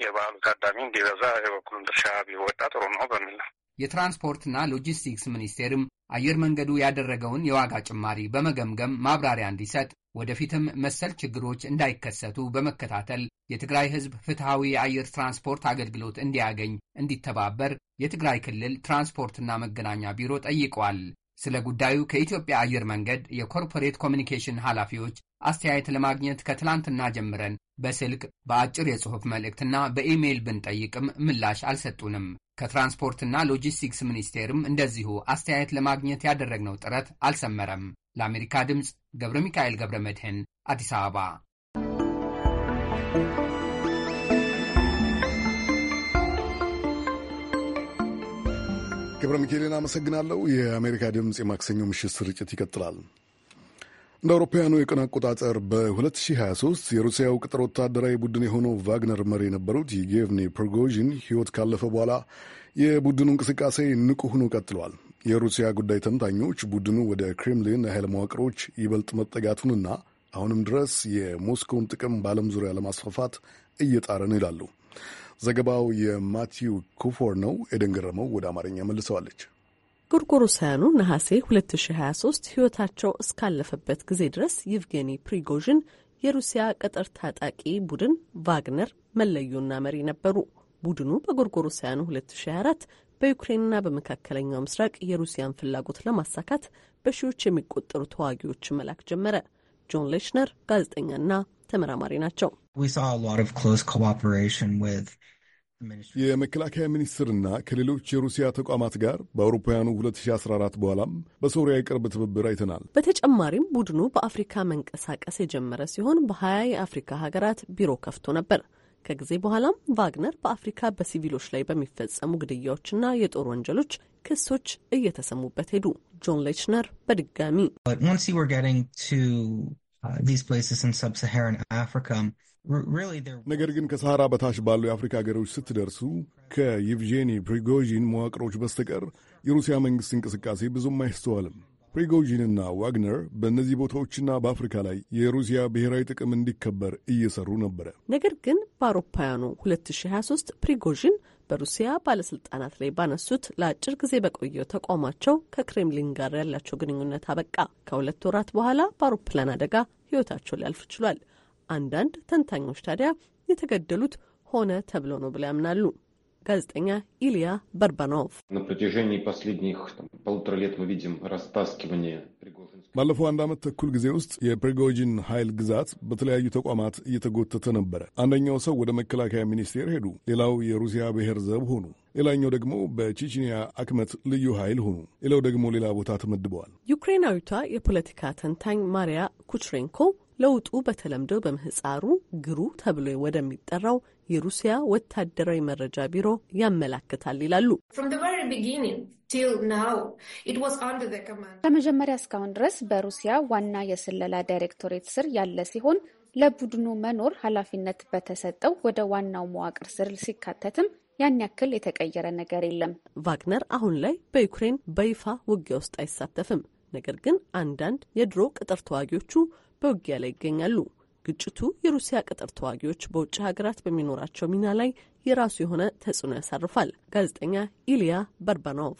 [SPEAKER 4] የበዓሉ
[SPEAKER 1] ታዳሚ እንዲበዛ የበኩሉን ድርሻ ቢወጣ ጥሩ ነው በሚል ነው።
[SPEAKER 6] የትራንስፖርትና ሎጂስቲክስ ሚኒስቴርም አየር መንገዱ ያደረገውን የዋጋ ጭማሪ በመገምገም ማብራሪያ እንዲሰጥ ወደፊትም መሰል ችግሮች እንዳይከሰቱ በመከታተል የትግራይ ሕዝብ ፍትሐዊ የአየር ትራንስፖርት አገልግሎት እንዲያገኝ እንዲተባበር የትግራይ ክልል ትራንስፖርትና መገናኛ ቢሮ ጠይቋል። ስለ ጉዳዩ ከኢትዮጵያ አየር መንገድ የኮርፖሬት ኮሚኒኬሽን ኃላፊዎች አስተያየት ለማግኘት ከትላንትና ጀምረን በስልክ በአጭር የጽሑፍ መልእክትና በኢሜይል ብንጠይቅም ምላሽ አልሰጡንም። ከትራንስፖርትና ሎጂስቲክስ ሚኒስቴርም እንደዚሁ አስተያየት ለማግኘት ያደረግነው ጥረት አልሰመረም። ለአሜሪካ ድምፅ ገብረ ሚካኤል ገብረ መድህን አዲስ አበባ
[SPEAKER 1] ገብረ ሚካኤልን አመሰግናለሁ። የአሜሪካ ድምፅ የማክሰኞ ምሽት ስርጭት ይቀጥላል። እንደ አውሮፓውያኑ የቀን አቆጣጠር በ2023 የሩሲያው ቅጥር ወታደራዊ ቡድን የሆነው ቫግነር መሪ የነበሩት የጌቭኒ ፕሪጎዥን ሕይወት ካለፈ በኋላ የቡድኑ እንቅስቃሴ ንቁ ሆኖ ቀጥሏል። የሩሲያ ጉዳይ ተንታኞች ቡድኑ ወደ ክሬምሊን የኃይል መዋቅሮች ይበልጥ መጠጋቱንና አሁንም ድረስ የሞስኮውን ጥቅም በዓለም ዙሪያ ለማስፋፋት እየጣረ ነው ይላሉ። ዘገባው የማቲው ኩፎር ነው። ኤደን ገረመው ወደ አማርኛ መልሰዋለች።
[SPEAKER 9] ጎርጎሮሳያኑ ነሐሴ 2023 ሕይወታቸው እስካለፈበት ጊዜ ድረስ ይቭጌኒ ፕሪጎዥን የሩሲያ ቅጥር ታጣቂ ቡድን ቫግነር መለዮና መሪ ነበሩ። ቡድኑ በጎርጎሮሳያኑ 2024 በዩክሬንና በመካከለኛው ምስራቅ የሩሲያን ፍላጎት ለማሳካት በሺዎች የሚቆጠሩ ተዋጊዎችን መላክ ጀመረ። ጆን ሌሽነር ጋዜጠኛና ተመራማሪ ናቸው።
[SPEAKER 1] የመከላከያ ሚኒስትርና ከሌሎች የሩሲያ ተቋማት ጋር በአውሮፓውያኑ 2014 በኋላም በሶሪያ የቅርብ ትብብር አይተናል።
[SPEAKER 9] በተጨማሪም ቡድኑ በአፍሪካ መንቀሳቀስ የጀመረ ሲሆን በ20 የአፍሪካ ሀገራት ቢሮ ከፍቶ ነበር። ከጊዜ በኋላም ቫግነር በአፍሪካ በሲቪሎች ላይ በሚፈጸሙ ግድያዎችና የጦር ወንጀሎች ክሶች እየተሰሙበት ሄዱ። ጆን ሌችነር በድጋሚ ነገር ግን ከሰሃራ በታች ባሉ የአፍሪካ
[SPEAKER 1] ሀገሮች ስትደርሱ ከይቭጄኒ ፕሪጎዥን መዋቅሮች በስተቀር የሩሲያ መንግሥት እንቅስቃሴ ብዙም አይስተዋልም። ፕሪጎዥንና ዋግነር በእነዚህ ቦታዎችና በአፍሪካ ላይ የሩሲያ ብሔራዊ ጥቅም እንዲከበር እየሰሩ ነበረ።
[SPEAKER 9] ነገር ግን በአውሮፓውያኑ 2023 ፕሪጎዥን በሩሲያ ባለስልጣናት ላይ ባነሱት ለአጭር ጊዜ በቆየው ተቋማቸው ከክሬምሊን ጋር ያላቸው ግንኙነት አበቃ። ከሁለት ወራት በኋላ በአውሮፕላን አደጋ ሕይወታቸው ሊያልፍ ችሏል። አንዳንድ ተንታኞች ታዲያ የተገደሉት ሆነ ተብሎ ነው ብለው ያምናሉ። ጋዜጠኛ ኢልያ በርባኖቭ
[SPEAKER 1] ባለፈው አንድ ዓመት ተኩል ጊዜ ውስጥ የፕሪጎጂን ኃይል ግዛት በተለያዩ ተቋማት እየተጎተተ ነበረ። አንደኛው ሰው ወደ መከላከያ ሚኒስቴር ሄዱ፣ ሌላው የሩሲያ ብሔር ዘብ ሆኑ፣ ሌላኛው ደግሞ በቼችኒያ አክመት ልዩ ኃይል ሆኑ፣ ሌላው ደግሞ ሌላ ቦታ ተመድበዋል።
[SPEAKER 9] ዩክሬናዊቷ የፖለቲካ ተንታኝ ማሪያ ኩችሬንኮ ለውጡ በተለምዶ በምህፃሩ ግሩ ተብሎ ወደሚጠራው የሩሲያ ወታደራዊ መረጃ ቢሮ ያመላክታል ይላሉ።
[SPEAKER 10] ከመጀመሪያ እስካሁን ድረስ በሩሲያ ዋና የስለላ ዳይሬክቶሬት ስር ያለ ሲሆን ለቡድኑ መኖር ኃላፊነት በተሰጠው ወደ ዋናው መዋቅር ስር ሲካተትም ያን ያክል የተቀየረ ነገር የለም።
[SPEAKER 9] ቫግነር አሁን ላይ በዩክሬን በይፋ ውጊያ ውስጥ አይሳተፍም። ነገር ግን አንዳንድ የድሮ ቅጥር ተዋጊዎቹ በውጊያ ላይ ይገኛሉ። ግጭቱ የሩሲያ ቅጥር ተዋጊዎች በውጭ ሀገራት በሚኖራቸው ሚና ላይ የራሱ የሆነ ተጽዕኖ ያሳርፋል። ጋዜጠኛ ኢልያ በርባኖቭ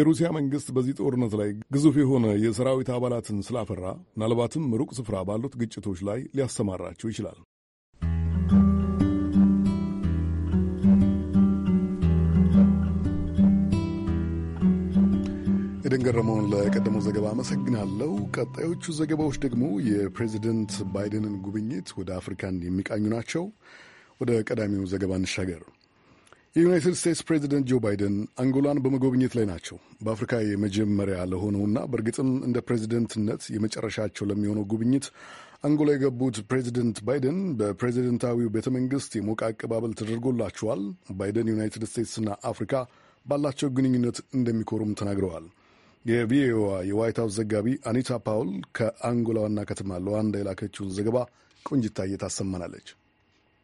[SPEAKER 1] የሩሲያ መንግስት በዚህ ጦርነት ላይ ግዙፍ የሆነ የሰራዊት አባላትን ስላፈራ ምናልባትም ሩቅ ስፍራ ባሉት ግጭቶች ላይ ሊያሰማራቸው ይችላል። ኤደን ገረመውን ለቀደመው ዘገባ አመሰግናለሁ። ቀጣዮቹ ዘገባዎች ደግሞ የፕሬዚደንት ባይደንን ጉብኝት ወደ አፍሪካን የሚቃኙ ናቸው። ወደ ቀዳሚው ዘገባ እንሻገር። የዩናይትድ ስቴትስ ፕሬዚደንት ጆ ባይደን አንጎላን በመጎብኘት ላይ ናቸው። በአፍሪካ የመጀመሪያ ለሆነውና በእርግጥም እንደ ፕሬዚደንትነት የመጨረሻቸው ለሚሆነው ጉብኝት አንጎላ የገቡት ፕሬዚደንት ባይደን በፕሬዚደንታዊው ቤተ መንግስት የሞቀ አቀባበል ተደርጎላቸዋል። ባይደን ዩናይትድ ስቴትስና አፍሪካ ባላቸው ግንኙነት እንደሚኮሩም ተናግረዋል። የቪኦኤዋ የዋይት ሀውስ ዘጋቢ አኒታ ፓውል ከአንጎላ ዋና ከተማ ሉዋንዳ የላከችውን ዘገባ ቆንጅታዬ ታሰማናለች።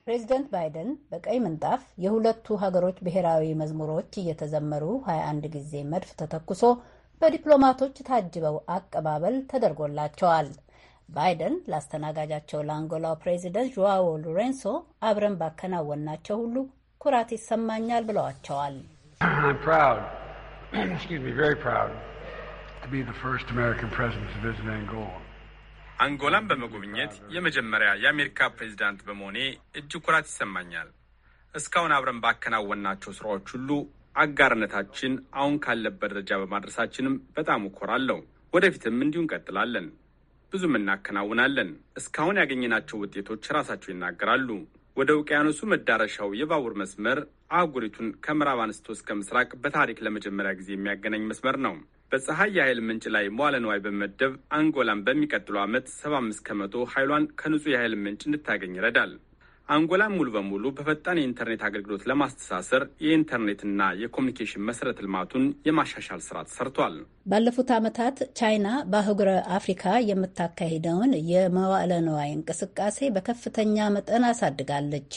[SPEAKER 10] ፕሬዚደንት ባይደን በቀይ ምንጣፍ የሁለቱ ሀገሮች ብሔራዊ መዝሙሮች እየተዘመሩ 21 ጊዜ መድፍ ተተኩሶ በዲፕሎማቶች ታጅበው አቀባበል ተደርጎላቸዋል። ባይደን ላስተናጋጃቸው ለአንጎላው ፕሬዚደንት ዡዋዎ ሎሬንሶ አብረን ባከናወናቸው ሁሉ ኩራት ይሰማኛል ብለዋቸዋል።
[SPEAKER 4] [clears throat] [clears throat]
[SPEAKER 8] አንጎላን በመጎብኘት የመጀመሪያ የአሜሪካ ፕሬዚዳንት በመሆኔ እጅግ ኩራት ይሰማኛል። እስካሁን አብረን ባከናወናቸው ስራዎች ሁሉ አጋርነታችን አሁን ካለበት ደረጃ በማድረሳችንም በጣም እኮራለሁ። ወደፊትም እንዲሁ እንቀጥላለን። ብዙም እናከናውናለን። እስካሁን ያገኘናቸው ውጤቶች ራሳቸው ይናገራሉ። ወደ ውቅያኖሱ መዳረሻው የባቡር መስመር አህጉሪቱን ከምዕራብ አንስቶ እስከ ምስራቅ በታሪክ ለመጀመሪያ ጊዜ የሚያገናኝ መስመር ነው። በፀሐይ የኃይል ምንጭ ላይ መዋለ ንዋይ በመመደብ አንጎላን በሚቀጥለው ዓመት 75 ከመቶ ኃይሏን ከንጹህ የኃይል ምንጭ እንድታገኝ ይረዳል። አንጎላን ሙሉ በሙሉ በፈጣን የኢንተርኔት አገልግሎት ለማስተሳሰር የኢንተርኔትና የኮሚኒኬሽን መሰረተ ልማቱን የማሻሻል ስራ ተሰርቷል።
[SPEAKER 10] ባለፉት ዓመታት ቻይና በአህጉረ አፍሪካ የምታካሂደውን የመዋዕለ ነዋይ እንቅስቃሴ በከፍተኛ መጠን አሳድጋለች።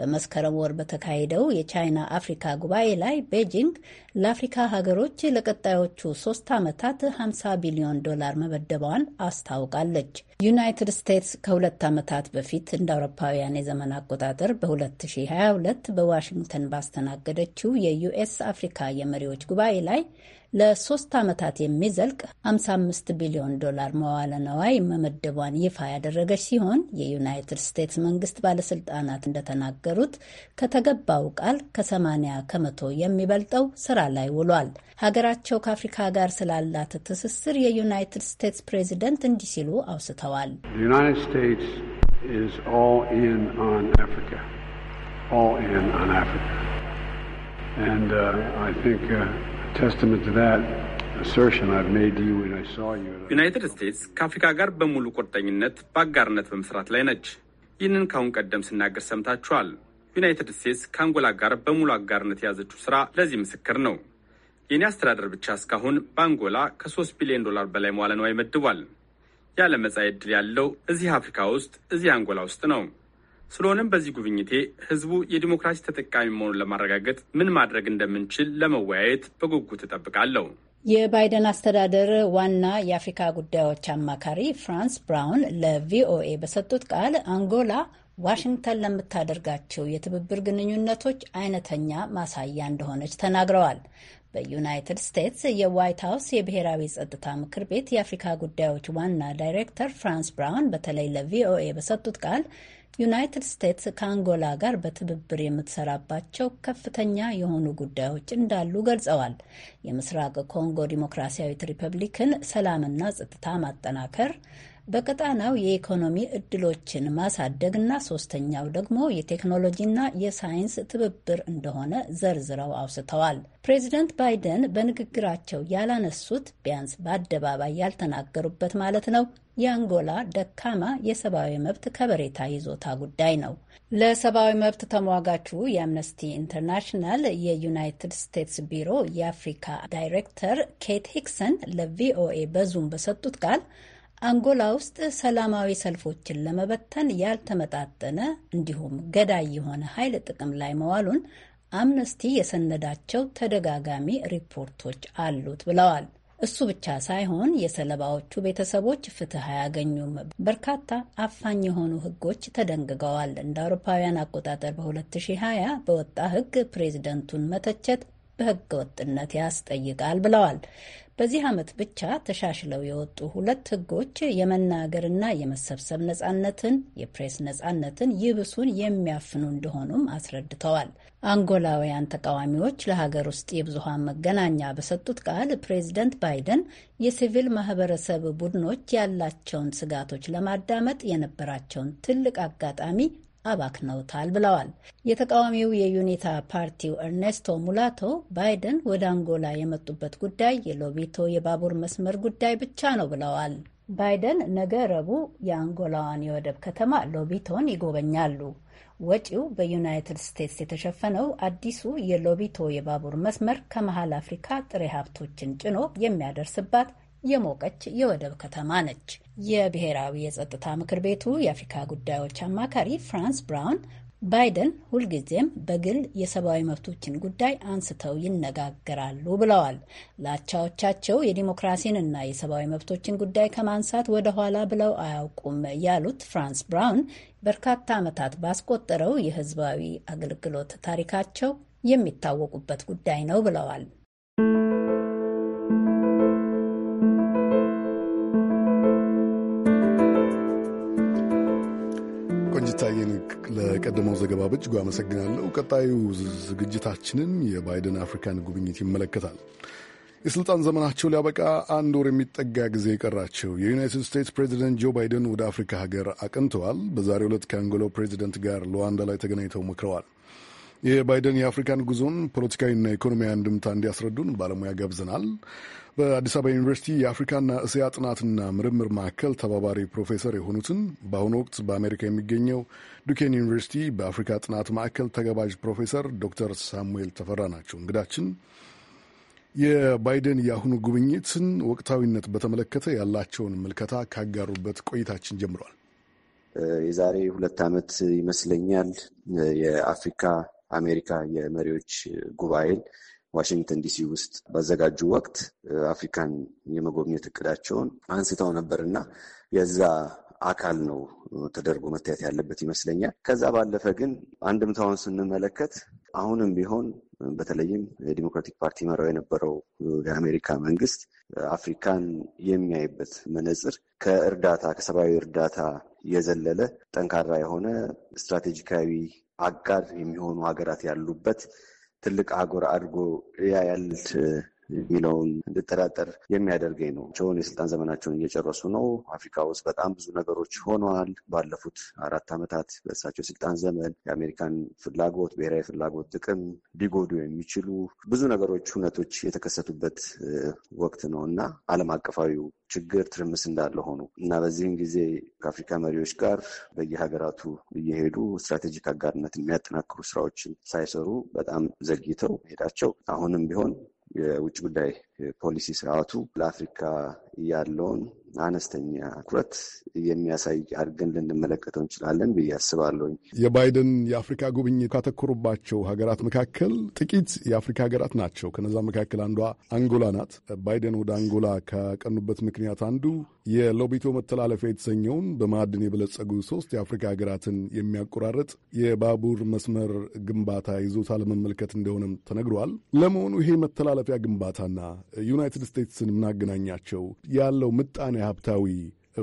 [SPEAKER 10] በመስከረም ወር በተካሄደው የቻይና አፍሪካ ጉባኤ ላይ ቤጂንግ ለአፍሪካ ሀገሮች ለቀጣዮቹ ሶስት ዓመታት 50 ቢሊዮን ዶላር መመደቧን አስታውቃለች። ዩናይትድ ስቴትስ ከሁለት ዓመታት በፊት እንደ አውሮፓውያን የዘመን አቆጣጠር በ2022 በዋሽንግተን ባስተናገደችው የዩኤስ አፍሪካ የመሪዎች ጉባኤ ላይ ለሶስት ዓመታት የሚዘልቅ 55 ቢሊዮን ዶላር መዋለ ነዋይ መመደቧን ይፋ ያደረገች ሲሆን የዩናይትድ ስቴትስ መንግስት ባለስልጣናት እንደተናገሩት ከተገባው ቃል ከ80 ከመቶ የሚበልጠው ስራ ላይ ውሏል። ሀገራቸው ከአፍሪካ ጋር ስላላት ትስስር የዩናይትድ ስቴትስ ፕሬዚደንት እንዲህ ሲሉ አውስተዋል።
[SPEAKER 5] ዩናይትድ
[SPEAKER 8] ዩናይትድ ስቴትስ ከአፍሪካ ጋር በሙሉ ቁርጠኝነት በአጋርነት በመስራት ላይ ነች። ይህንን ከአሁን ቀደም ስናገር ሰምታችኋል። ዩናይትድ ስቴትስ ከአንጎላ ጋር በሙሉ አጋርነት የያዘችው ስራ ለዚህ ምስክር ነው። የእኔ አስተዳደር ብቻ እስካሁን በአንጎላ ከ ከ3 ቢሊዮን ዶላር በላይ መዋለ ንዋይ መድቧል። ያለ መጻኢ ዕድል ያለው እዚህ አፍሪካ ውስጥ እዚህ አንጎላ ውስጥ ነው። ስለሆነም በዚህ ጉብኝቴ ህዝቡ የዲሞክራሲ ተጠቃሚ መሆኑን ለማረጋገጥ ምን ማድረግ እንደምንችል ለመወያየት በጉጉት እጠብቃለሁ።
[SPEAKER 10] የባይደን አስተዳደር ዋና የአፍሪካ ጉዳዮች አማካሪ ፍራንስ ብራውን ለቪኦኤ በሰጡት ቃል አንጎላ ዋሽንግተን ለምታደርጋቸው የትብብር ግንኙነቶች አይነተኛ ማሳያ እንደሆነች ተናግረዋል። በዩናይትድ ስቴትስ የዋይት ሀውስ የብሔራዊ ጸጥታ ምክር ቤት የአፍሪካ ጉዳዮች ዋና ዳይሬክተር ፍራንስ ብራውን በተለይ ለቪኦኤ በሰጡት ቃል ዩናይትድ ስቴትስ ከአንጎላ ጋር በትብብር የምትሰራባቸው ከፍተኛ የሆኑ ጉዳዮች እንዳሉ ገልጸዋል። የምስራቅ ኮንጎ ዲሞክራሲያዊት ሪፐብሊክን ሰላምና ጸጥታ ማጠናከር በቀጣናው የኢኮኖሚ እድሎችን ማሳደግና ሶስተኛው ደግሞ የቴክኖሎጂና የሳይንስ ትብብር እንደሆነ ዘርዝረው አውስተዋል። ፕሬዚደንት ባይደን በንግግራቸው ያላነሱት ቢያንስ በአደባባይ ያልተናገሩበት ማለት ነው የአንጎላ ደካማ የሰብአዊ መብት ከበሬታ ይዞታ ጉዳይ ነው። ለሰብአዊ መብት ተሟጋቹ የአምነስቲ ኢንተርናሽናል የዩናይትድ ስቴትስ ቢሮ የአፍሪካ ዳይሬክተር ኬት ሂክሰን ለቪኦኤ በዙም በሰጡት ቃል አንጎላ ውስጥ ሰላማዊ ሰልፎችን ለመበተን ያልተመጣጠነ እንዲሁም ገዳይ የሆነ ኃይል ጥቅም ላይ መዋሉን አምነስቲ የሰነዳቸው ተደጋጋሚ ሪፖርቶች አሉት ብለዋል። እሱ ብቻ ሳይሆን የሰለባዎቹ ቤተሰቦች ፍትህ አያገኙም። በርካታ አፋኝ የሆኑ ህጎች ተደንግገዋል። እንደ አውሮፓውያን አቆጣጠር በ2020 በወጣ ህግ ፕሬዚደንቱን መተቸት በህገ ወጥነት ያስጠይቃል ብለዋል። በዚህ ዓመት ብቻ ተሻሽለው የወጡ ሁለት ህጎች የመናገርና የመሰብሰብ ነጻነትን፣ የፕሬስ ነጻነትን ይብሱን የሚያፍኑ እንደሆኑም አስረድተዋል። አንጎላውያን ተቃዋሚዎች ለሀገር ውስጥ የብዙሀን መገናኛ በሰጡት ቃል ፕሬዝደንት ባይደን የሲቪል ማህበረሰብ ቡድኖች ያላቸውን ስጋቶች ለማዳመጥ የነበራቸውን ትልቅ አጋጣሚ አባክነውታል ብለዋል። የተቃዋሚው የዩኒታ ፓርቲው ኤርኔስቶ ሙላቶ ባይደን ወደ አንጎላ የመጡበት ጉዳይ የሎቢቶ የባቡር መስመር ጉዳይ ብቻ ነው ብለዋል። ባይደን ነገ ረቡዕ የአንጎላዋን የወደብ ከተማ ሎቢቶን ይጎበኛሉ። ወጪው በዩናይትድ ስቴትስ የተሸፈነው አዲሱ የሎቢቶ የባቡር መስመር ከመሃል አፍሪካ ጥሬ ሀብቶችን ጭኖ የሚያደርስባት የሞቀች የወደብ ከተማ ነች። የብሔራዊ የጸጥታ ምክር ቤቱ የአፍሪካ ጉዳዮች አማካሪ ፍራንስ ብራውን ባይደን ሁልጊዜም በግል የሰብአዊ መብቶችን ጉዳይ አንስተው ይነጋገራሉ ብለዋል። ላቻዎቻቸው የዲሞክራሲንና የሰብአዊ መብቶችን ጉዳይ ከማንሳት ወደ ኋላ ብለው አያውቁም ያሉት ፍራንስ ብራውን በርካታ ዓመታት ባስቆጠረው የህዝባዊ አገልግሎት ታሪካቸው የሚታወቁበት ጉዳይ ነው ብለዋል።
[SPEAKER 1] ዘገባ በእጅጉ አመሰግናለሁ። ቀጣዩ ዝግጅታችንን የባይደን አፍሪካን ጉብኝት ይመለከታል። የስልጣን ዘመናቸው ሊያበቃ አንድ ወር የሚጠጋ ጊዜ የቀራቸው የዩናይትድ ስቴትስ ፕሬዚደንት ጆ ባይደን ወደ አፍሪካ ሀገር አቅንተዋል። በዛሬው ዕለት ከአንጎላው ፕሬዚደንት ጋር ሉዋንዳ ላይ ተገናኝተው መክረዋል። የባይደን የአፍሪካን ጉዞን ፖለቲካዊና ኢኮኖሚያዊ አንድምታ እንዲያስረዱን ባለሙያ ገብዘናል። በአዲስ አበባ ዩኒቨርሲቲ የአፍሪካና እስያ ጥናትና ምርምር ማዕከል ተባባሪ ፕሮፌሰር የሆኑትን በአሁኑ ወቅት በአሜሪካ የሚገኘው ዱኬን ዩኒቨርሲቲ በአፍሪካ ጥናት ማዕከል ተገባዥ ፕሮፌሰር ዶክተር ሳሙኤል ተፈራ ናቸው እንግዳችን። የባይደን የአሁኑ ጉብኝትን ወቅታዊነት በተመለከተ ያላቸውን ምልከታ ካጋሩበት ቆይታችን ጀምሯል።
[SPEAKER 2] የዛሬ ሁለት ዓመት ይመስለኛል የአፍሪካ አሜሪካ የመሪዎች ጉባኤን ዋሽንግተን ዲሲ ውስጥ ባዘጋጁ ወቅት አፍሪካን የመጎብኘት እቅዳቸውን አንስተው ነበር እና የዛ አካል ነው ተደርጎ መታየት ያለበት ይመስለኛል። ከዛ ባለፈ ግን አንድምታውን ስንመለከት አሁንም ቢሆን በተለይም የዲሞክራቲክ ፓርቲ መራው የነበረው የአሜሪካ መንግስት አፍሪካን የሚያይበት መነጽር ከእርዳታ ከሰብአዊ እርዳታ የዘለለ ጠንካራ የሆነ ስትራቴጂካዊ አጋር የሚሆኑ ሀገራት ያሉበት ትልቅ አህጉር አድርጎ ያያል የሚለውን እንድጠራጠር የሚያደርገኝ ነው። ቸውን የስልጣን ዘመናቸውን እየጨረሱ ነው። አፍሪካ ውስጥ በጣም ብዙ ነገሮች ሆነዋል። ባለፉት አራት ዓመታት በእሳቸው ስልጣን ዘመን የአሜሪካን ፍላጎት፣ ብሔራዊ ፍላጎት፣ ጥቅም ሊጎዱ የሚችሉ ብዙ ነገሮች፣ እውነቶች የተከሰቱበት ወቅት ነው እና ዓለም አቀፋዊው ችግር ትርምስ እንዳለ ሆኑ እና በዚህም ጊዜ ከአፍሪካ መሪዎች ጋር በየሀገራቱ እየሄዱ ስትራቴጂክ አጋርነት የሚያጠናክሩ ስራዎችን ሳይሰሩ በጣም ዘግይተው መሄዳቸው አሁንም ቢሆን yeah, which would they? ፖሊሲ ስርዓቱ ለአፍሪካ ያለውን አነስተኛ ኩረት የሚያሳይ አድርገን ልንመለከተው እንችላለን ብዬ አስባለሁ።
[SPEAKER 1] የባይደን የአፍሪካ ጉብኝት ካተኮሩባቸው ሀገራት መካከል ጥቂት የአፍሪካ ሀገራት ናቸው። ከነዛ መካከል አንዷ አንጎላ ናት። ባይደን ወደ አንጎላ ካቀኑበት ምክንያት አንዱ የሎቢቶ መተላለፊያ የተሰኘውን በማዕድን የበለጸጉ ሶስት የአፍሪካ ሀገራትን የሚያቆራረጥ የባቡር መስመር ግንባታ ይዞታ ለመመልከት እንደሆነም ተነግሯል። ለመሆኑ ይሄ መተላለፊያ ግንባታና ዩናይትድ ስቴትስን ምናገናኛቸው ያለው ምጣኔ ሀብታዊ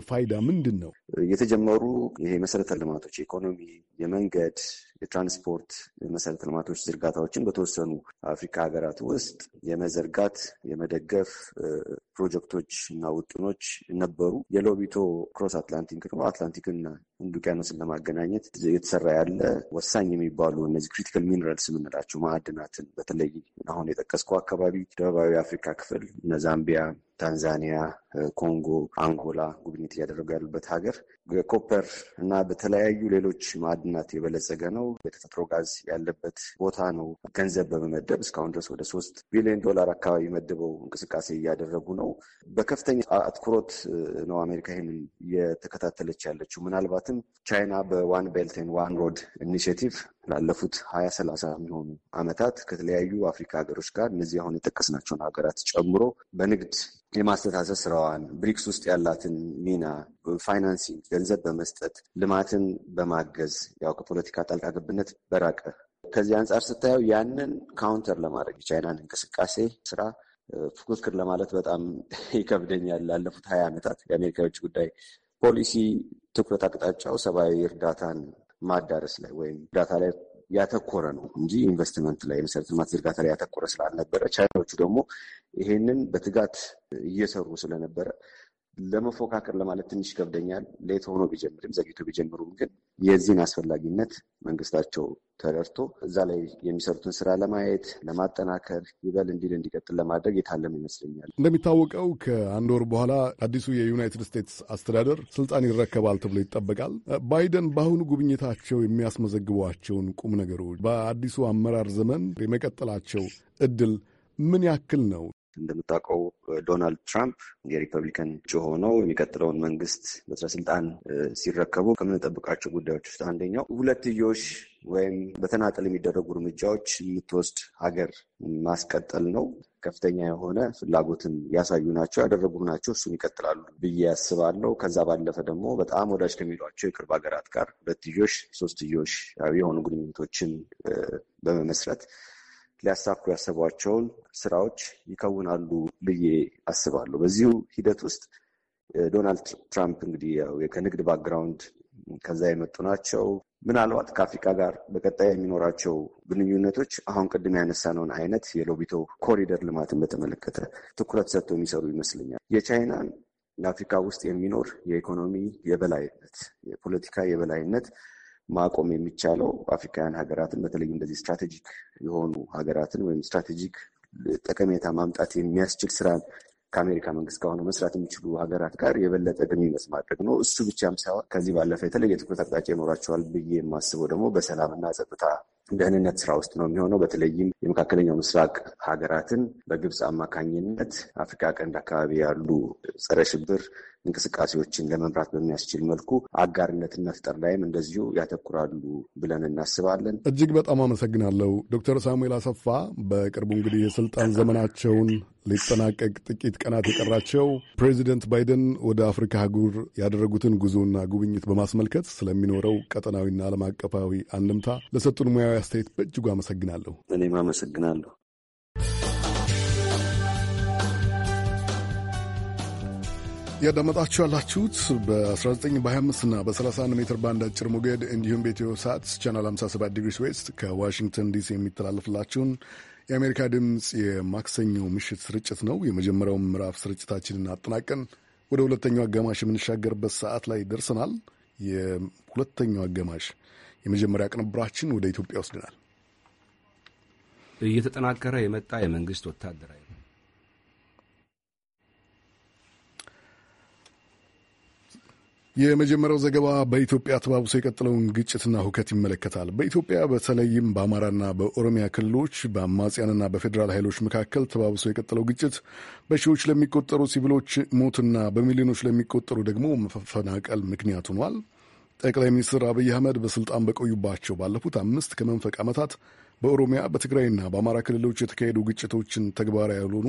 [SPEAKER 1] ፋይዳ ምንድን ነው?
[SPEAKER 2] የተጀመሩ ይሄ መሰረተ ልማቶች የኢኮኖሚ፣ የመንገድ፣ የትራንስፖርት መሰረተ ልማቶች ዝርጋታዎችን በተወሰኑ አፍሪካ ሀገራት ውስጥ የመዘርጋት የመደገፍ ፕሮጀክቶች እና ውጥኖች ነበሩ። የሎቢቶ ክሮስ አትላንቲክ ነው። አትላንቲክና ህንድ ውቅያኖስን ለማገናኘት የተሰራ ያለ ወሳኝ የሚባሉ እነዚህ ክሪቲካል ሚነራልስ የምንላቸው ማዕድናትን በተለይ አሁን የጠቀስኩ አካባቢ ደቡባዊ አፍሪካ ክፍል እነ ዛምቢያ፣ ታንዛኒያ፣ ኮንጎ፣ አንጎላ ጉብኝት እያደረጉ ያሉበት ሀገር በኮፐር እና በተለያዩ ሌሎች ማዕድናት የበለጸገ ነው። የተፈጥሮ ጋዝ ያለበት ቦታ ነው። ገንዘብ በመመደብ እስካሁን ድረስ ወደ ሶስት ቢሊዮን ዶላር አካባቢ መድበው እንቅስቃሴ እያደረጉ ነው። በከፍተኛ አትኩሮት ነው አሜሪካ ይህንን እየተከታተለች ያለችው። ምናልባትም ቻይና በዋን ቤልት ዋን ሮድ ኢኒሽቲቭ ላለፉት ሀያ ሰላሳ የሚሆኑ ዓመታት ከተለያዩ አፍሪካ ሀገሮች ጋር እነዚህ አሁን የጠቀስናቸውን ሀገራት ጨምሮ በንግድ የማስተሳሰብ ስራዋን ብሪክስ ውስጥ ያላትን ሚና ፋይናንሲንግ፣ ገንዘብ በመስጠት ልማትን በማገዝ ያው ከፖለቲካ ጣልቃ ገብነት በራቀ ከዚህ አንጻር ስታየው ያንን ካውንተር ለማድረግ የቻይናን እንቅስቃሴ ስራ ፉክክር ለማለት በጣም [laughs] ይከብደኛል። ላለፉት ሀያ ዓመታት የአሜሪካ የውጭ ጉዳይ ፖሊሲ ትኩረት አቅጣጫው ሰብአዊ እርዳታን ማዳረስ ላይ ወይም እርዳታ ላይ ያተኮረ ነው እንጂ ኢንቨስትመንት ላይ መሰረተ ልማት ዝርጋታ ላይ ያተኮረ ስላልነበረ ቻይናዎቹ ደግሞ ይሄንን በትጋት እየሰሩ ስለነበረ ለመፎካከር ለማለት ትንሽ ይከብደኛል። ሌት ሆኖ ቢጀምርም ዘግይቶ ቢጀምሩም ግን የዚህን አስፈላጊነት መንግስታቸው ተረድቶ እዛ ላይ የሚሰሩትን ስራ ለማየት ለማጠናከር ይበል እንዲል እንዲቀጥል ለማድረግ የታለም ይመስለኛል።
[SPEAKER 1] እንደሚታወቀው ከአንድ ወር በኋላ አዲሱ የዩናይትድ ስቴትስ አስተዳደር ስልጣን ይረከባል ተብሎ ይጠበቃል። ባይደን በአሁኑ ጉብኝታቸው የሚያስመዘግቧቸውን ቁም ነገሮች በአዲሱ አመራር ዘመን የመቀጠላቸው እድል ምን ያክል ነው?
[SPEAKER 2] እንደምታውቀው ዶናልድ ትራምፕ የሪፐብሊካን እጩ ሆነው የሚቀጥለውን መንግስት በስልጣን ሲረከቡ ከምንጠብቃቸው ጉዳዮች ውስጥ አንደኛው ሁለትዮሽ ወይም በተናጠል የሚደረጉ እርምጃዎች የምትወስድ ሀገር ማስቀጠል ነው። ከፍተኛ የሆነ ፍላጎትን ያሳዩ ናቸው፣ ያደረጉ ናቸው። እሱን ይቀጥላሉ ብዬ ያስባለሁ። ከዛ ባለፈ ደግሞ በጣም ወዳጅ ከሚሏቸው የቅርብ ሀገራት ጋር ሁለትዮሽ ሶስትዮሽ የሆኑ ግንኙነቶችን በመመስረት ሊያሳኩ ያሰቧቸውን ስራዎች ይከውናሉ ብዬ አስባለሁ። በዚሁ ሂደት ውስጥ ዶናልድ ትራምፕ እንግዲህ ከንግድ ባክግራውንድ ከዛ የመጡ ናቸው። ምናልባት ከአፍሪካ ጋር በቀጣይ የሚኖራቸው ግንኙነቶች አሁን ቅድም ያነሳነውን አይነት የሎቢቶ ኮሪደር ልማትን በተመለከተ ትኩረት ሰጥቶ የሚሰሩ ይመስለኛል። የቻይናን አፍሪካ ውስጥ የሚኖር የኢኮኖሚ የበላይነት፣ የፖለቲካ የበላይነት ማቆም የሚቻለው አፍሪካውያን ሀገራትን በተለይ እንደዚህ ስትራቴጂክ የሆኑ ሀገራትን ወይም ስትራቴጂክ ጠቀሜታ ማምጣት የሚያስችል ስራ ከአሜሪካ መንግስት ከሆነ መስራት የሚችሉ ሀገራት ጋር የበለጠ ግንኙነት ማድረግ ነው። እሱ ብቻም ሳይሆን ከዚህ ባለፈ የተለየ ትኩረት አቅጣጫ ይኖራቸዋል ብዬ የማስበው ደግሞ በሰላምና ጸጥታ ደህንነት ስራ ውስጥ ነው የሚሆነው። በተለይም የመካከለኛው ምስራቅ ሀገራትን በግብፅ አማካኝነት አፍሪካ ቀንድ አካባቢ ያሉ ጸረ ሽብር እንቅስቃሴዎችን ለመምራት በሚያስችል መልኩ አጋርነትና ፍጠር ላይም እንደዚሁ ያተኩራሉ ብለን እናስባለን።
[SPEAKER 1] እጅግ በጣም አመሰግናለሁ ዶክተር ሳሙኤል አሰፋ። በቅርቡ እንግዲህ የስልጣን ዘመናቸውን ሊጠናቀቅ ጥቂት ቀናት የቀራቸው ፕሬዚደንት ባይደን ወደ አፍሪካ አህጉር ያደረጉትን ጉዞና ጉብኝት በማስመልከት ስለሚኖረው ቀጠናዊና ዓለም አቀፋዊ አንድምታ ለሰጡን ሙያዊ አስተያየት በእጅጉ አመሰግናለሁ።
[SPEAKER 2] እኔም አመሰግናለሁ።
[SPEAKER 1] እያዳመጣችሁ ያላችሁት በ19 በ25 እና በ31 ሜትር ባንድ አጭር ሞገድ እንዲሁም በኢትዮ ሰዓት ቻናል 57 ዲግሪስ ዌስት ከዋሽንግተን ዲሲ የሚተላለፍላችሁን የአሜሪካ ድምፅ የማክሰኞ ምሽት ስርጭት ነው። የመጀመሪያውን ምዕራፍ ስርጭታችንን አጠናቀን ወደ ሁለተኛው አጋማሽ የምንሻገርበት ሰዓት ላይ ደርሰናል። የሁለተኛው አጋማሽ የመጀመሪያ ቅንብራችን ወደ ኢትዮጵያ ወስድናል።
[SPEAKER 4] እየተጠናከረ የመጣ የመንግስት ወታደራዊ
[SPEAKER 1] የመጀመሪያው ዘገባ በኢትዮጵያ ተባብሶ የቀጠለውን ግጭትና ሁከት ይመለከታል። በኢትዮጵያ በተለይም በአማራና በኦሮሚያ ክልሎች በአማጽያንና በፌዴራል ኃይሎች መካከል ተባብሶ የቀጠለው ግጭት በሺዎች ለሚቆጠሩ ሲቪሎች ሞትና በሚሊዮኖች ለሚቆጠሩ ደግሞ መፈናቀል ምክንያት ሆኗል። ጠቅላይ ሚኒስትር አብይ አህመድ በስልጣን በቆዩባቸው ባለፉት አምስት ከመንፈቅ ዓመታት በኦሮሚያ በትግራይና በአማራ ክልሎች የተካሄዱ ግጭቶችን ተግባራዊ ያልሆኑ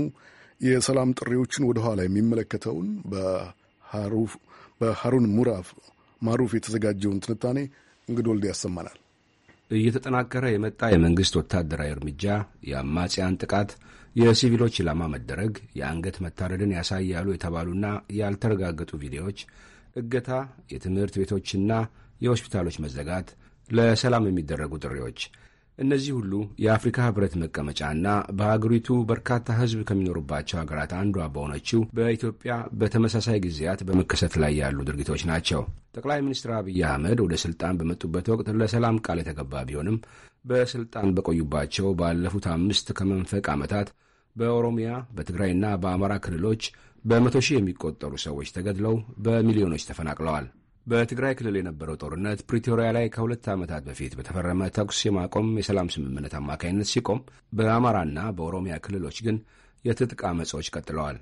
[SPEAKER 1] የሰላም ጥሪዎችን ወደኋላ የሚመለከተውን በሀሩፍ በሀሩን ሙራፍ ማሩፍ የተዘጋጀውን ትንታኔ እንግድ ወልድ ያሰማናል።
[SPEAKER 4] እየተጠናከረ የመጣ የመንግሥት ወታደራዊ እርምጃ፣ የአማጽያን ጥቃት፣ የሲቪሎች ኢላማ መደረግ፣ የአንገት መታረድን ያሳያሉ የተባሉና ያልተረጋገጡ ቪዲዮዎች፣ እገታ፣ የትምህርት ቤቶችና የሆስፒታሎች መዘጋት፣ ለሰላም የሚደረጉ ጥሪዎች እነዚህ ሁሉ የአፍሪካ ህብረት መቀመጫና በሀገሪቱ በርካታ ህዝብ ከሚኖሩባቸው ሀገራት አንዷ በሆነችው በኢትዮጵያ በተመሳሳይ ጊዜያት በመከሰት ላይ ያሉ ድርጊቶች ናቸው። ጠቅላይ ሚኒስትር አብይ አህመድ ወደ ስልጣን በመጡበት ወቅት ለሰላም ቃል የተገባ ቢሆንም በስልጣን በቆዩባቸው ባለፉት አምስት ከመንፈቅ ዓመታት በኦሮሚያ በትግራይና በአማራ ክልሎች በመቶ ሺህ የሚቆጠሩ ሰዎች ተገድለው በሚሊዮኖች ተፈናቅለዋል። በትግራይ ክልል የነበረው ጦርነት ፕሪቶሪያ ላይ ከሁለት ዓመታት በፊት በተፈረመ ተኩስ የማቆም የሰላም ስምምነት አማካኝነት ሲቆም፣ በአማራና በኦሮሚያ ክልሎች ግን የትጥቅ አመጻዎች ቀጥለዋል።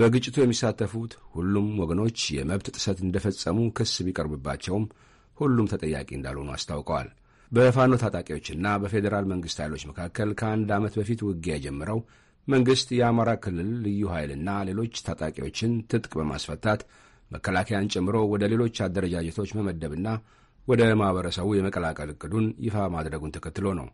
[SPEAKER 4] በግጭቱ የሚሳተፉት ሁሉም ወገኖች የመብት ጥሰት እንደፈጸሙ ክስ ቢቀርብባቸውም ሁሉም ተጠያቂ እንዳልሆኑ አስታውቀዋል። በፋኖ ታጣቂዎችና በፌዴራል መንግሥት ኃይሎች መካከል ከአንድ ዓመት በፊት ውጊያ የጀመረው መንግሥት የአማራ ክልል ልዩ ኃይልና ሌሎች ታጣቂዎችን ትጥቅ በማስፈታት መከላከያን ጨምሮ ወደ ሌሎች አደረጃጀቶች መመደብና ወደ ማኅበረሰቡ የመቀላቀል እቅዱን ይፋ ማድረጉን ተከትሎ ነው።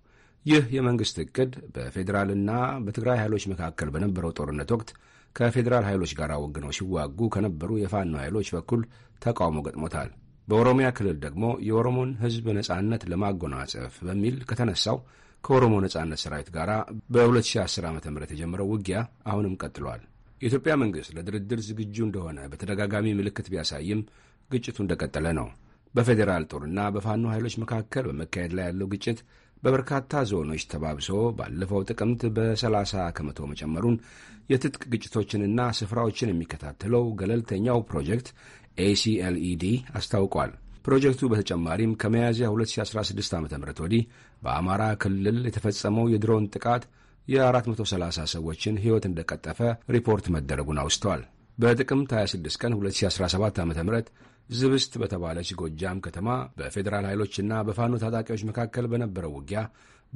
[SPEAKER 4] ይህ የመንግሥት እቅድ በፌዴራልና በትግራይ ኃይሎች መካከል በነበረው ጦርነት ወቅት ከፌዴራል ኃይሎች ጋር ወግነው ሲዋጉ ከነበሩ የፋኖ ኃይሎች በኩል ተቃውሞ ገጥሞታል። በኦሮሚያ ክልል ደግሞ የኦሮሞን ሕዝብ ነጻነት ለማጎናጸፍ በሚል ከተነሳው ከኦሮሞ ነጻነት ሰራዊት ጋር በ2010 ዓ ም የጀመረው ውጊያ አሁንም ቀጥሏል። የኢትዮጵያ መንግሥት ለድርድር ዝግጁ እንደሆነ በተደጋጋሚ ምልክት ቢያሳይም ግጭቱ እንደቀጠለ ነው። በፌዴራል ጦርና በፋኖ ኃይሎች መካከል በመካሄድ ላይ ያለው ግጭት በበርካታ ዞኖች ተባብሶ ባለፈው ጥቅምት በ30 ከመቶ መጨመሩን የትጥቅ ግጭቶችንና ስፍራዎችን የሚከታተለው ገለልተኛው ፕሮጀክት ኤሲኤልኢዲ አስታውቋል። ፕሮጀክቱ በተጨማሪም ከመያዝያ 2016 ዓ ም ወዲህ በአማራ ክልል የተፈጸመው የድሮን ጥቃት የ430 ሰዎችን ሕይወት እንደቀጠፈ ሪፖርት መደረጉን አውስተዋል። በጥቅምት 26 ቀን 2017 ዓ ም ዝብስት በተባለች ጎጃም ከተማ በፌዴራል ኃይሎችና በፋኖ ታጣቂዎች መካከል በነበረው ውጊያ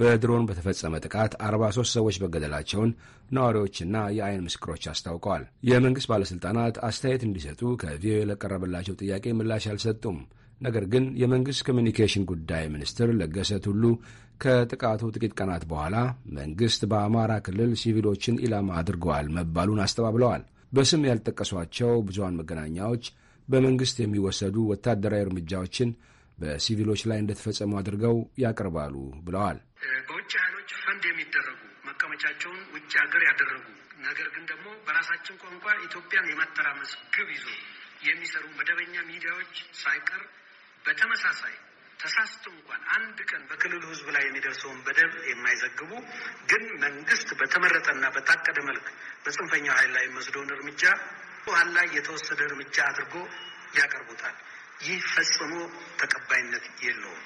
[SPEAKER 4] በድሮን በተፈጸመ ጥቃት 43 ሰዎች መገደላቸውን ነዋሪዎችና የአይን ምስክሮች አስታውቀዋል። የመንግሥት ባለሥልጣናት አስተያየት እንዲሰጡ ከቪኦኤ ለቀረበላቸው ጥያቄ ምላሽ አልሰጡም። ነገር ግን የመንግሥት ኮሚኒኬሽን ጉዳይ ሚኒስትር ለገሰ ቱሉ ከጥቃቱ ጥቂት ቀናት በኋላ መንግሥት በአማራ ክልል ሲቪሎችን ኢላማ አድርገዋል መባሉን አስተባብለዋል። በስም ያልጠቀሷቸው ብዙሃን መገናኛዎች በመንግሥት የሚወሰዱ ወታደራዊ እርምጃዎችን በሲቪሎች ላይ እንደተፈጸሙ አድርገው ያቀርባሉ ብለዋል። በውጭ ኃይሎች ፈንድ የሚደረጉ መቀመጫቸውን
[SPEAKER 7] ውጭ ሀገር ያደረጉ ነገር ግን ደግሞ በራሳችን ቋንቋ ኢትዮጵያን የማተራመስ ግብ ይዞ
[SPEAKER 3] የሚሰሩ መደበኛ ሚዲያዎች ሳይቀር በተመሳሳይ ተሳስቶ እንኳን አንድ ቀን በክልሉ ህዝብ ላይ የሚደርሰውን በደል የማይዘግቡ ግን መንግስት በተመረጠና በታቀደ መልክ በጽንፈኛው ኃይል ላይ የሚወስደውን እርምጃ ውሀን ላይ የተወሰደ እርምጃ አድርጎ ያቀርቡታል። ይህ ፈጽሞ ተቀባይነት የለውም።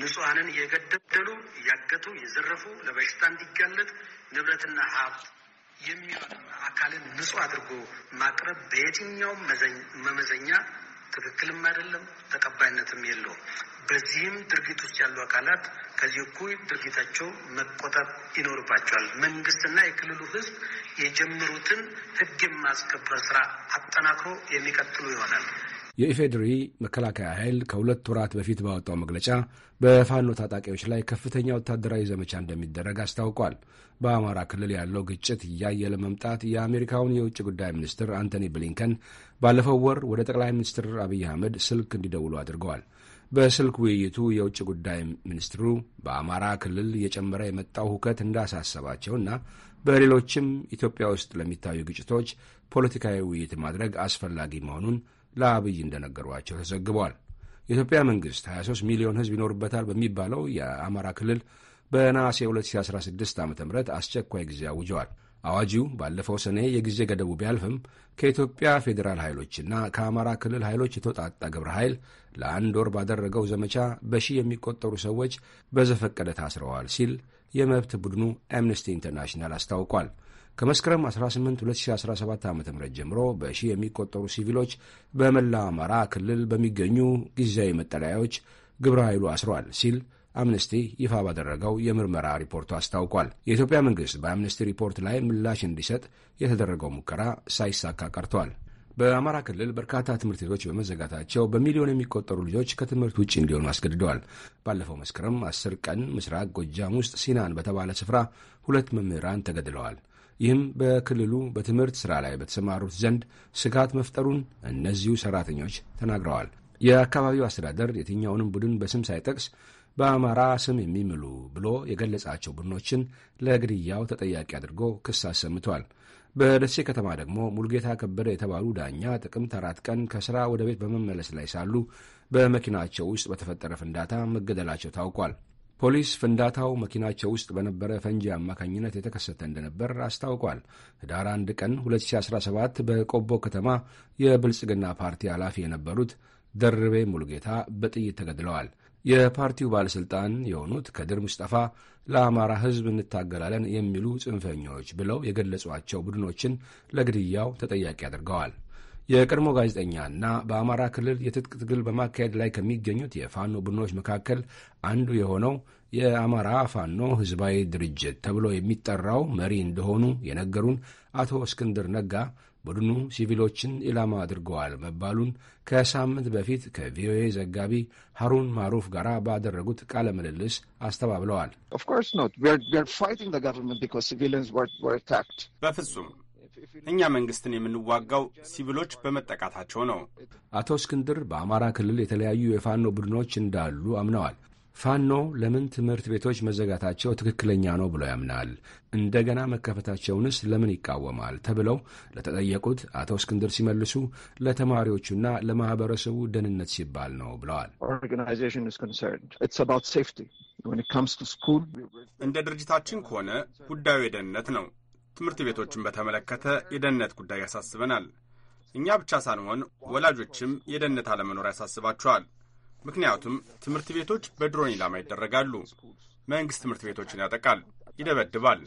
[SPEAKER 3] ንጹሐንን እየገደሉ እያገቱ፣ እየዘረፉ ለበሽታ እንዲጋለጥ ንብረትና ሀብት የሚሆን አካልን ንጹህ አድርጎ ማቅረብ በየትኛውም መመዘኛ ትክክልም አይደለም፣ ተቀባይነትም የለውም። በዚህም ድርጊት ውስጥ ያሉ አካላት ከዚህ እኩይ ድርጊታቸው መቆጠብ ይኖርባቸዋል። መንግስትና የክልሉ ህዝብ የጀመሩትን ህግ የማስከበር ስራ አጠናክሮ የሚቀጥሉ
[SPEAKER 4] ይሆናል። የኢፌዴሪ መከላከያ ኃይል ከሁለት ወራት በፊት ባወጣው መግለጫ በፋኖ ታጣቂዎች ላይ ከፍተኛ ወታደራዊ ዘመቻ እንደሚደረግ አስታውቋል። በአማራ ክልል ያለው ግጭት እያየለ መምጣት የአሜሪካውን የውጭ ጉዳይ ሚኒስትር አንቶኒ ብሊንከን ባለፈው ወር ወደ ጠቅላይ ሚኒስትር አብይ አህመድ ስልክ እንዲደውሉ አድርገዋል። በስልክ ውይይቱ የውጭ ጉዳይ ሚኒስትሩ በአማራ ክልል እየጨመረ የመጣው ሁከት እንዳሳሰባቸውና በሌሎችም ኢትዮጵያ ውስጥ ለሚታዩ ግጭቶች ፖለቲካዊ ውይይት ማድረግ አስፈላጊ መሆኑን ለአብይ እንደነገሯቸው ተዘግቧል። የኢትዮጵያ መንግሥት 23 ሚሊዮን ሕዝብ ይኖርበታል በሚባለው የአማራ ክልል በነሐሴ 2016 ዓ ም አስቸኳይ ጊዜ አውጀዋል። አዋጂው ባለፈው ሰኔ የጊዜ ገደቡ ቢያልፍም ከኢትዮጵያ ፌዴራል ኃይሎችና ከአማራ ክልል ኃይሎች የተውጣጣ ግብረ ኃይል ለአንድ ወር ባደረገው ዘመቻ በሺህ የሚቆጠሩ ሰዎች በዘፈቀደ ታስረዋል ሲል የመብት ቡድኑ አምነስቲ ኢንተርናሽናል አስታውቋል። ከመስከረም 18 2017 ዓ ም ጀምሮ በሺህ የሚቆጠሩ ሲቪሎች በመላ አማራ ክልል በሚገኙ ጊዜያዊ መጠለያዎች ግብረ ኃይሉ አስረዋል ሲል አምነስቲ ይፋ ባደረገው የምርመራ ሪፖርቱ አስታውቋል። የኢትዮጵያ መንግሥት በአምነስቲ ሪፖርት ላይ ምላሽ እንዲሰጥ የተደረገው ሙከራ ሳይሳካ ቀርቷል። በአማራ ክልል በርካታ ትምህርት ቤቶች በመዘጋታቸው በሚሊዮን የሚቆጠሩ ልጆች ከትምህርት ውጭ እንዲሆኑ አስገድደዋል። ባለፈው መስከረም አስር ቀን ምስራቅ ጎጃም ውስጥ ሲናን በተባለ ስፍራ ሁለት መምህራን ተገድለዋል። ይህም በክልሉ በትምህርት ሥራ ላይ በተሰማሩት ዘንድ ስጋት መፍጠሩን እነዚሁ ሠራተኞች ተናግረዋል። የአካባቢው አስተዳደር የትኛውንም ቡድን በስም ሳይጠቅስ በአማራ ስም የሚምሉ ብሎ የገለጻቸው ቡድኖችን ለግድያው ተጠያቂ አድርጎ ክስ አሰምቷል። በደሴ ከተማ ደግሞ ሙልጌታ ከበደ የተባሉ ዳኛ ጥቅምት አራት ቀን ከሥራ ወደ ቤት በመመለስ ላይ ሳሉ በመኪናቸው ውስጥ በተፈጠረ ፍንዳታ መገደላቸው ታውቋል። ፖሊስ ፍንዳታው መኪናቸው ውስጥ በነበረ ፈንጂ አማካኝነት የተከሰተ እንደነበር አስታውቋል። ህዳር 1 ቀን 2017 በቆቦ ከተማ የብልጽግና ፓርቲ ኃላፊ የነበሩት ደርቤ ሙልጌታ በጥይት ተገድለዋል። የፓርቲው ባለሥልጣን የሆኑት ከድር ሙስጠፋ ለአማራ ሕዝብ እንታገላለን የሚሉ ጽንፈኞች ብለው የገለጿቸው ቡድኖችን ለግድያው ተጠያቂ አድርገዋል። የቀድሞ ጋዜጠኛና በአማራ ክልል የትጥቅ ትግል በማካሄድ ላይ ከሚገኙት የፋኖ ቡድኖች መካከል አንዱ የሆነው የአማራ ፋኖ ሕዝባዊ ድርጅት ተብሎ የሚጠራው መሪ እንደሆኑ የነገሩን አቶ እስክንድር ነጋ ቡድኑ ሲቪሎችን ኢላማ አድርገዋል መባሉን ከሳምንት በፊት ከቪኦኤ ዘጋቢ ሀሩን ማሩፍ ጋር ባደረጉት ቃለ ምልልስ አስተባብለዋል።
[SPEAKER 8] በፍጹም እኛ መንግስትን የምንዋጋው ሲቪሎች በመጠቃታቸው ነው።
[SPEAKER 4] አቶ እስክንድር በአማራ ክልል የተለያዩ የፋኖ ቡድኖች እንዳሉ አምነዋል። ፋኖ ለምን ትምህርት ቤቶች መዘጋታቸው ትክክለኛ ነው ብሎ ያምናል? እንደገና መከፈታቸውንስ ለምን ይቃወማል? ተብለው ለተጠየቁት አቶ እስክንድር ሲመልሱ ለተማሪዎቹና ለማህበረሰቡ ደህንነት ሲባል ነው ብለዋል።
[SPEAKER 8] እንደ ድርጅታችን ከሆነ ጉዳዩ የደህንነት ነው። ትምህርት ቤቶችን በተመለከተ የደህንነት ጉዳይ ያሳስበናል። እኛ ብቻ ሳንሆን ወላጆችም የደህንነት አለመኖር ያሳስባቸዋል። ምክንያቱም ትምህርት ቤቶች በድሮን ኢላማ ይደረጋሉ። መንግሥት ትምህርት ቤቶችን ያጠቃል፣ ይደበድባል።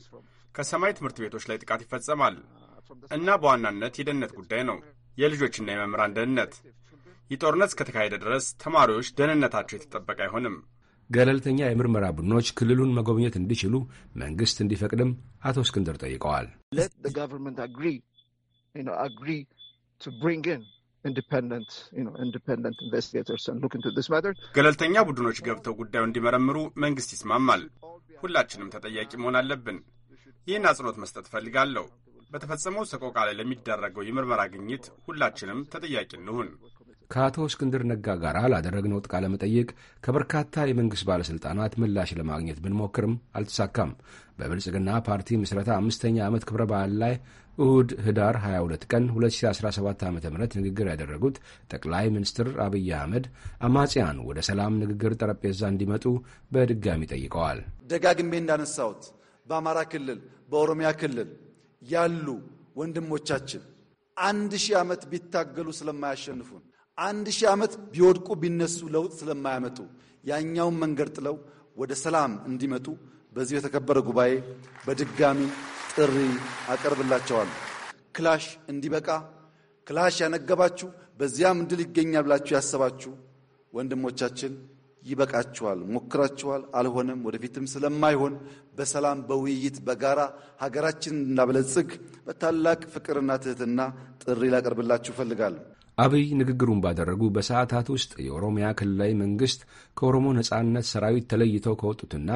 [SPEAKER 8] ከሰማይ ትምህርት ቤቶች ላይ ጥቃት ይፈጸማል እና በዋናነት የደህንነት ጉዳይ ነው፣ የልጆችና የመምህራን ደህንነት። ይህ ጦርነት እስከተካሄደ ድረስ ተማሪዎች ደህንነታቸው የተጠበቀ አይሆንም።
[SPEAKER 4] ገለልተኛ የምርመራ ቡድኖች ክልሉን መጎብኘት እንዲችሉ መንግሥት እንዲፈቅድም አቶ እስክንድር ጠይቀዋል።
[SPEAKER 8] ገለልተኛ ቡድኖች ገብተው ጉዳዩ እንዲመረምሩ መንግስት ይስማማል። ሁላችንም ተጠያቂ መሆን አለብን። ይህን አጽንኦት መስጠት እፈልጋለሁ። በተፈጸመው ሰቆቃ ላይ ለሚደረገው የምርመራ ግኝት ሁላችንም ተጠያቂ እንሁን።
[SPEAKER 4] ከአቶ እስክንድር ነጋ ጋር ላደረግነው ቃለ መጠይቅ ከበርካታ የመንግሥት ባለሥልጣናት ምላሽ ለማግኘት ብንሞክርም አልተሳካም። በብልጽግና ፓርቲ ምስረታ አምስተኛ ዓመት ክብረ በዓል ላይ እሁድ ህዳር 22 ቀን 2017 ዓ ም ንግግር ያደረጉት ጠቅላይ ሚኒስትር አብይ አህመድ አማጽያን ወደ ሰላም ንግግር ጠረጴዛ እንዲመጡ በድጋሚ ጠይቀዋል።
[SPEAKER 3] ደጋግሜ እንዳነሳሁት በአማራ ክልል፣ በኦሮሚያ ክልል ያሉ ወንድሞቻችን አንድ ሺህ ዓመት ቢታገሉ ስለማያሸንፉን አንድ ሺህ ዓመት ቢወድቁ ቢነሱ ለውጥ ስለማያመጡ ያኛውን መንገድ ጥለው ወደ ሰላም እንዲመጡ በዚህ በተከበረ ጉባኤ በድጋሚ ጥሪ አቀርብላቸዋል። ክላሽ እንዲበቃ ክላሽ ያነገባችሁ በዚያም ድል ይገኛል ብላችሁ ያሰባችሁ ወንድሞቻችን ይበቃችኋል። ሞክራችኋል፣ አልሆነም። ወደፊትም ስለማይሆን በሰላም በውይይት በጋራ ሀገራችን እንዳበለጽግ በታላቅ ፍቅርና ትህትና ጥሪ ላቀርብላችሁ እፈልጋለሁ።
[SPEAKER 4] አብይ ንግግሩን ባደረጉ በሰዓታት ውስጥ የኦሮሚያ ክልላዊ መንግሥት ከኦሮሞ ነጻነት ሰራዊት ተለይተው ከወጡትና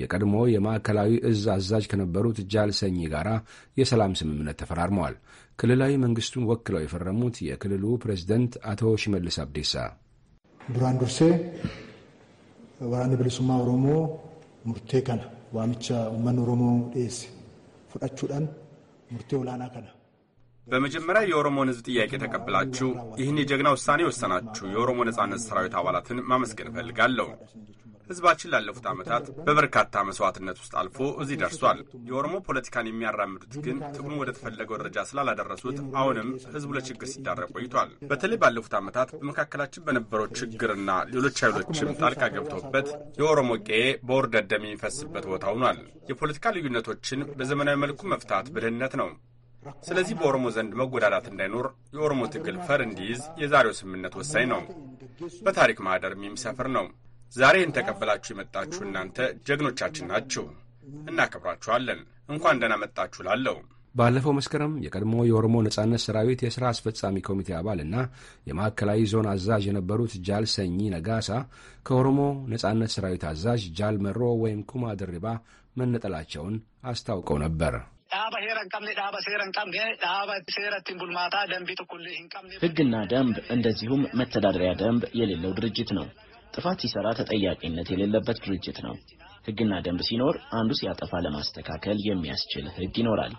[SPEAKER 4] የቀድሞ የማዕከላዊ እዝ አዛዥ ከነበሩት ጃልሰኝ ሰኚ ጋር የሰላም ስምምነት ተፈራርመዋል። ክልላዊ መንግሥቱን ወክለው የፈረሙት የክልሉ ፕሬዝደንት አቶ ሽመልስ አብዴሳ ዱራን ዱርሴ ወራን ብልሱማ
[SPEAKER 3] ኦሮሞ ሙርቴ ከና ዋምቻ ኡመን ኦሮሞ ዴስ ፍቃችሁዳን ሙርቴ ኦላና ከና
[SPEAKER 8] በመጀመሪያ የኦሮሞን ሕዝብ ጥያቄ ተቀብላችሁ ይህን የጀግና ውሳኔ የወሰናችሁ የኦሮሞ ነጻነት ሰራዊት አባላትን ማመስገን እፈልጋለሁ። ሕዝባችን ላለፉት ዓመታት በበርካታ መስዋዕትነት ውስጥ አልፎ እዚህ ደርሷል። የኦሮሞ ፖለቲካን የሚያራምዱት ግን ትግሉን ወደ ተፈለገው ደረጃ ስላላደረሱት አሁንም ሕዝቡ ለችግር ሲዳረግ ቆይቷል። በተለይ ባለፉት ዓመታት በመካከላችን በነበረው ችግርና ሌሎች ኃይሎችም ጣልቃ ገብቶበት የኦሮሞ ቄ በወር ደም የሚፈስበት ቦታ ሆኗል። የፖለቲካ ልዩነቶችን በዘመናዊ መልኩ መፍታት ብልህነት ነው። ስለዚህ በኦሮሞ ዘንድ መጎዳዳት እንዳይኖር የኦሮሞ ትግል ፈር እንዲይዝ የዛሬው ስምምነት ወሳኝ ነው። በታሪክ ማህደርም የሚሰፍር ነው። ዛሬ ይህን ተቀበላችሁ የመጣችሁ እናንተ ጀግኖቻችን ናችሁ። እናከብራችኋለን። እንኳን ደህና መጣችሁ ላለው
[SPEAKER 4] ባለፈው መስከረም የቀድሞ የኦሮሞ ነጻነት ሰራዊት የሥራ አስፈጻሚ ኮሚቴ አባልና የማዕከላዊ ዞን አዛዥ የነበሩት ጃል ሰኚ ነጋሳ ከኦሮሞ ነጻነት ሰራዊት አዛዥ ጃል መሮ ወይም ኩማ ድሪባ መነጠላቸውን አስታውቀው ነበር። ዳባ ሄረን ቀምኔ ዳባ ሴረን ቀምኔ ዳባ
[SPEAKER 7] ሴረትን ቡልማታ ደንብ ትኩል ሂንቀምኔ ህግና ደንብ እንደዚሁም መተዳደሪያ ደንብ የሌለው ድርጅት ነው። ጥፋት ሲሰራ ተጠያቂነት የሌለበት ድርጅት ነው። ህግና ደንብ ሲኖር አንዱ ሲያጠፋ ለማስተካከል የሚያስችል ህግ ይኖራል።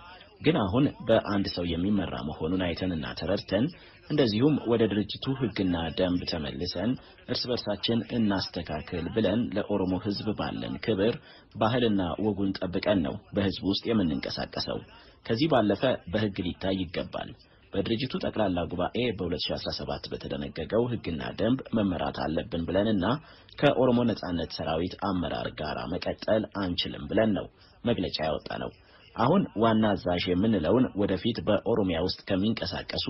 [SPEAKER 7] ግን አሁን በአንድ ሰው የሚመራ መሆኑን አይተንና ተረድተን እንደዚሁም ወደ ድርጅቱ ህግና ደንብ ተመልሰን እርስ በርሳችን እናስተካክል ብለን ለኦሮሞ ህዝብ ባለን ክብር ባህልና ወጉን ጠብቀን ነው በህዝብ ውስጥ የምንንቀሳቀሰው። ከዚህ ባለፈ በህግ ሊታይ ይገባል። በድርጅቱ ጠቅላላ ጉባኤ በ2017 በተደነገገው ህግና ደንብ መመራት አለብን ብለንና ከኦሮሞ ነጻነት ሰራዊት አመራር ጋር መቀጠል አንችልም ብለን ነው መግለጫ ያወጣ ነው። አሁን ዋና አዛዥ የምንለውን ወደፊት በኦሮሚያ ውስጥ ከሚንቀሳቀሱ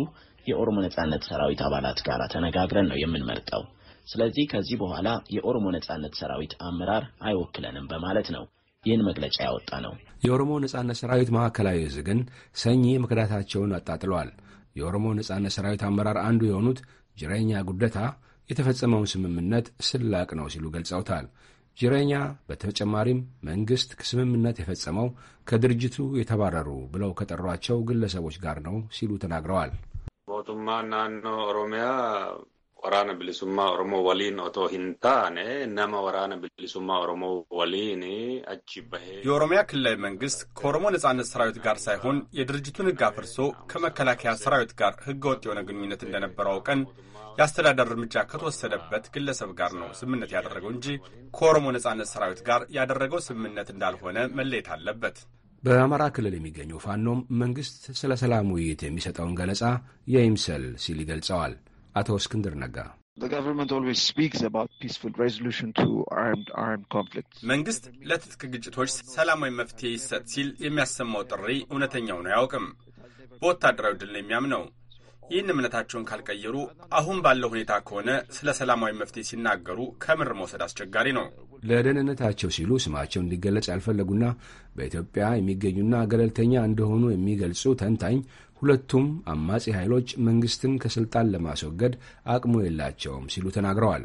[SPEAKER 7] የኦሮሞ ነጻነት ሰራዊት አባላት ጋር ተነጋግረን ነው የምንመርጠው። ስለዚህ ከዚህ በኋላ የኦሮሞ ነጻነት ሰራዊት አመራር አይወክለንም በማለት ነው ይህን መግለጫ ያወጣ ነው።
[SPEAKER 4] የኦሮሞ ነጻነት ሰራዊት ማዕከላዊ እዝ ግን ሰኚ መክዳታቸውን አጣጥለዋል። የኦሮሞ ነጻነት ሰራዊት አመራር አንዱ የሆኑት ጅረኛ ጉደታ የተፈጸመውን ስምምነት ስላቅ ነው ሲሉ ገልጸውታል። ጅረኛ በተጨማሪም መንግሥት ስምምነት የፈጸመው ከድርጅቱ የተባረሩ ብለው ከጠሯቸው ግለሰቦች ጋር ነው ሲሉ ተናግረዋል።
[SPEAKER 8] bilisummaa naannoo Oromiyaa waraana bilisummaa Oromoo waliin otoo hin taane nama waraana bilisummaa Oromoo waliin achi bahee የኦሮሚያ ክልላዊ መንግስት ከኦሮሞ ነጻነት ሰራዊት ጋር ሳይሆን የድርጅቱን ህግ አፍርሶ ከመከላከያ ሰራዊት ጋር ህገ ወጥ የሆነ ግንኙነት እንደነበረ አውቀን የአስተዳደር እርምጃ ከተወሰደበት ግለሰብ ጋር ነው ስምምነት ያደረገው እንጂ ከኦሮሞ ነጻነት ሰራዊት ጋር ያደረገው ስምምነት እንዳልሆነ መለየት አለበት።
[SPEAKER 4] በአማራ ክልል የሚገኘው ፋኖም መንግሥት ስለ ሰላም ውይይት የሚሰጠውን ገለጻ የይምሰል ሲል ይገልጸዋል። አቶ እስክንድር ነጋ
[SPEAKER 8] መንግስት ለትጥቅ ግጭቶች ሰላማዊ መፍትሄ ይሰጥ ሲል የሚያሰማው ጥሪ እውነተኛውን አያውቅም። በወታደራዊ ድል ነው የሚያምነው። ይህን እምነታቸውን ካልቀየሩ አሁን ባለው ሁኔታ ከሆነ ስለ ሰላማዊ መፍትሄ ሲናገሩ ከምር መውሰድ አስቸጋሪ ነው።
[SPEAKER 4] ለደህንነታቸው ሲሉ ስማቸው እንዲገለጽ ያልፈለጉና በኢትዮጵያ የሚገኙና ገለልተኛ እንደሆኑ የሚገልጹ ተንታኝ ሁለቱም አማጺ ኃይሎች መንግስትን ከስልጣን ለማስወገድ አቅሙ የላቸውም ሲሉ ተናግረዋል።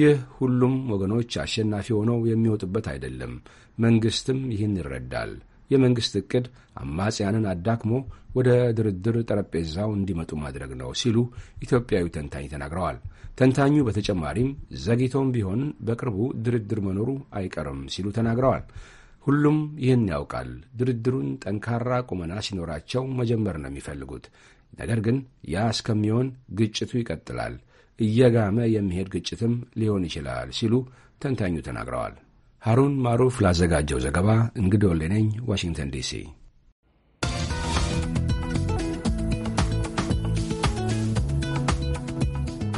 [SPEAKER 4] ይህ ሁሉም ወገኖች አሸናፊ ሆነው የሚወጡበት አይደለም። መንግስትም ይህን ይረዳል። የመንግሥት ዕቅድ አማጽያንን አዳክሞ ወደ ድርድር ጠረጴዛው እንዲመጡ ማድረግ ነው ሲሉ ኢትዮጵያዊ ተንታኝ ተናግረዋል። ተንታኙ በተጨማሪም ዘግይቶም ቢሆን በቅርቡ ድርድር መኖሩ አይቀርም ሲሉ ተናግረዋል። ሁሉም ይህን ያውቃል። ድርድሩን ጠንካራ ቁመና ሲኖራቸው መጀመር ነው የሚፈልጉት። ነገር ግን ያ እስከሚሆን ግጭቱ ይቀጥላል። እየጋመ የሚሄድ ግጭትም ሊሆን ይችላል ሲሉ ተንታኙ ተናግረዋል። ሐሩን ማሩፍ ላዘጋጀው ዘገባ እንግዶ ሌነኝ ዋሽንግተን ዲሲ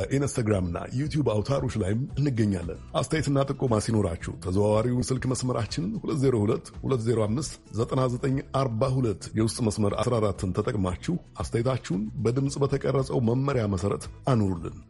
[SPEAKER 1] በኢንስታግራምና ዩቲዩብ አውታሮች ላይም እንገኛለን። አስተያየትና ጥቆማ ሲኖራችሁ ተዘዋዋሪውን ስልክ መስመራችን 2022059942 የውስጥ መስመር 14ን ተጠቅማችሁ አስተያየታችሁን በድምፅ በተቀረጸው መመሪያ መሰረት አኑሩልን።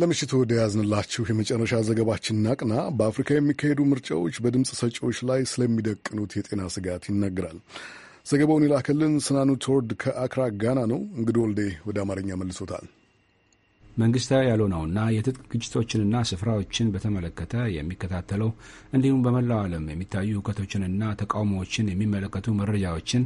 [SPEAKER 1] ለምሽቱ ወደ ያዝንላችሁ የመጨረሻ ዘገባችን ናቅና በአፍሪካ የሚካሄዱ ምርጫዎች በድምፅ ሰጪዎች ላይ ስለሚደቅኑት የጤና ስጋት ይናገራል። ዘገባውን ይላከልን ስናኑ ቶርድ ከአክራ ጋና ነው። እንግዲህ ወልዴ ወደ አማርኛ መልሶታል።
[SPEAKER 4] መንግስታዊ ያልሆነውና የትጥቅ ግጭቶችንና ስፍራዎችን በተመለከተ የሚከታተለው እንዲሁም በመላው ዓለም የሚታዩ እውከቶችንና ተቃውሞዎችን የሚመለከቱ መረጃዎችን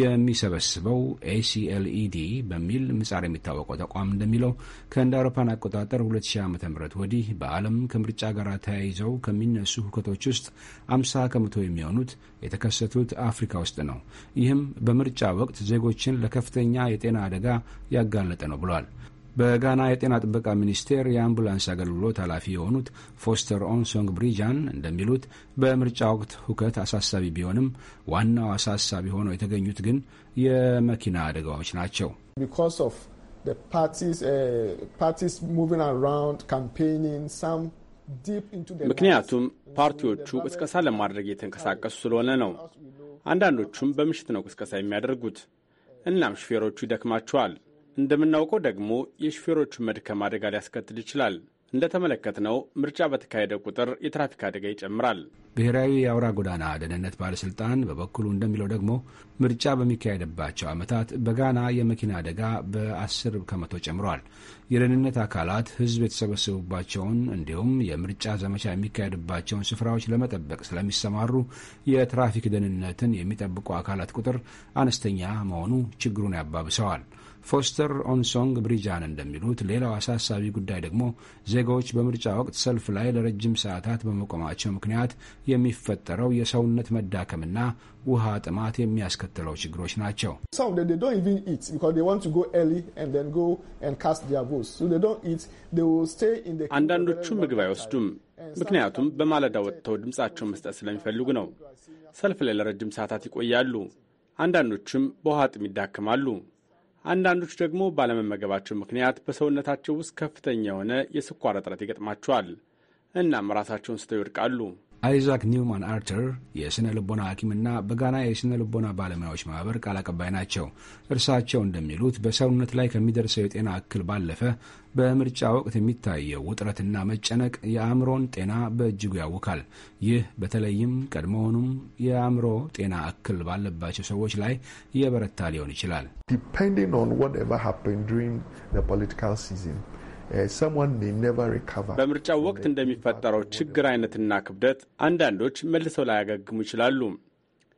[SPEAKER 4] የሚሰበስበው ኤሲኤልኢዲ e በሚል ምጻር የሚታወቀው ተቋም እንደሚለው ከእንደ አውሮፓን አቆጣጠር 2000 ዓ ም ወዲህ በዓለም ከምርጫ ጋር ተያይዘው ከሚነሱ ሁከቶች ውስጥ 50 ከመቶ የሚሆኑት የተከሰቱት አፍሪካ ውስጥ ነው። ይህም በምርጫ ወቅት ዜጎችን ለከፍተኛ የጤና አደጋ ያጋለጠ ነው ብሏል። በጋና የጤና ጥበቃ ሚኒስቴር የአምቡላንስ አገልግሎት ኃላፊ የሆኑት ፎስተር ኦንሶንግ ብሪጃን እንደሚሉት በምርጫ ወቅት ሁከት አሳሳቢ ቢሆንም ዋናው አሳሳቢ ሆነው የተገኙት ግን የመኪና አደጋዎች ናቸው።
[SPEAKER 1] uh,
[SPEAKER 8] ምክንያቱም ፓርቲዎቹ ቅስቀሳ ለማድረግ የተንቀሳቀሱ ስለሆነ ነው። አንዳንዶቹም በምሽት ነው ቅስቀሳ የሚያደርጉት። እናም ሹፌሮቹ ይደክማቸዋል። እንደምናውቀው ደግሞ የሹፌሮቹ መድከም አደጋ ሊያስከትል ይችላል። እንደተመለከትነው ምርጫ በተካሄደ ቁጥር የትራፊክ አደጋ ይጨምራል።
[SPEAKER 4] ብሔራዊ የአውራ ጎዳና ደህንነት ባለሥልጣን በበኩሉ እንደሚለው ደግሞ ምርጫ በሚካሄድባቸው ዓመታት በጋና የመኪና አደጋ በአስር ከመቶ ጨምሯል። የደህንነት አካላት ሕዝብ የተሰበሰቡባቸውን እንዲሁም የምርጫ ዘመቻ የሚካሄድባቸውን ስፍራዎች ለመጠበቅ ስለሚሰማሩ የትራፊክ ደህንነትን የሚጠብቁ አካላት ቁጥር አነስተኛ መሆኑ ችግሩን ያባብሰዋል። ፎስተር ኦንሶንግ ብሪጃን እንደሚሉት ሌላው አሳሳቢ ጉዳይ ደግሞ ዜጋዎች በምርጫ ወቅት ሰልፍ ላይ ለረጅም ሰዓታት በመቆማቸው ምክንያት የሚፈጠረው የሰውነት መዳከምና ውሃ ጥማት የሚያስከትለው ችግሮች ናቸው።
[SPEAKER 1] አንዳንዶቹ
[SPEAKER 8] ምግብ አይወስዱም፣ ምክንያቱም በማለዳ ወጥተው ድምፃቸውን መስጠት ስለሚፈልጉ ነው። ሰልፍ ላይ ለረጅም ሰዓታት ይቆያሉ። አንዳንዶቹም በውሃ ጥም ይዳክማሉ። አንዳንዶች ደግሞ ባለመመገባቸው ምክንያት በሰውነታቸው ውስጥ ከፍተኛ የሆነ የስኳር እጥረት ይገጥማቸዋል። እናም ራሳቸውን ስተው ይወድቃሉ።
[SPEAKER 4] አይዛክ ኒውማን አርተር የሥነ ልቦና ሐኪምና በጋና የሥነ ልቦና ባለሙያዎች ማህበር ቃል አቀባይ ናቸው። እርሳቸው እንደሚሉት በሰውነት ላይ ከሚደርሰው የጤና እክል ባለፈ በምርጫ ወቅት የሚታየው ውጥረትና መጨነቅ የአእምሮን ጤና በእጅጉ ያውካል። ይህ በተለይም ቀድሞውኑም የአእምሮ ጤና
[SPEAKER 1] እክል ባለባቸው ሰዎች ላይ
[SPEAKER 4] የበረታ ሊሆን ይችላል።
[SPEAKER 1] Uh,
[SPEAKER 8] በምርጫው ወቅት እንደሚፈጠረው ችግር አይነትና ክብደት አንዳንዶች መልሰው ላያገግሙ ይችላሉ።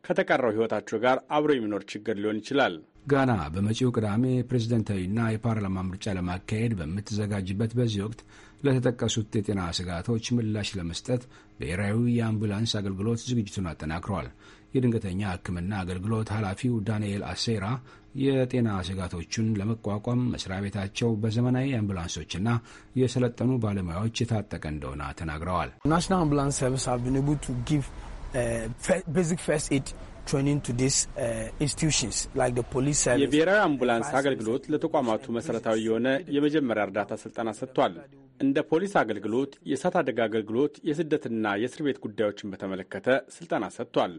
[SPEAKER 8] ከተቀረው ሕይወታቸው ጋር አብሮ የሚኖር ችግር ሊሆን ይችላል።
[SPEAKER 4] ጋና በመጪው ቅዳሜ ፕሬዝደንታዊና የፓርላማ ምርጫ ለማካሄድ በምትዘጋጅበት በዚህ ወቅት ለተጠቀሱት የጤና ስጋቶች ምላሽ ለመስጠት ብሔራዊ የአምቡላንስ አገልግሎት ዝግጅቱን አጠናክሯል። የድንገተኛ ሕክምና አገልግሎት ኃላፊው ዳንኤል አሴራ የጤና ስጋቶቹን ለመቋቋም መስሪያ ቤታቸው በዘመናዊ አምቡላንሶችና የሰለጠኑ ባለሙያዎች የታጠቀ እንደሆነ ተናግረዋል። ናሽናል አምቡላንስ ሰርቪስ ቢን ኤብል ቱ ጊቭ ቤዚክ ፈርስት ኤድ የብሔራዊ
[SPEAKER 8] አምቡላንስ አገልግሎት ለተቋማቱ መሰረታዊ የሆነ የመጀመሪያ እርዳታ ስልጠና ሰጥቷል። እንደ ፖሊስ አገልግሎት፣ የእሳት አደጋ አገልግሎት፣ የስደትና የእስር ቤት ጉዳዮችን በተመለከተ ስልጠና ሰጥቷል።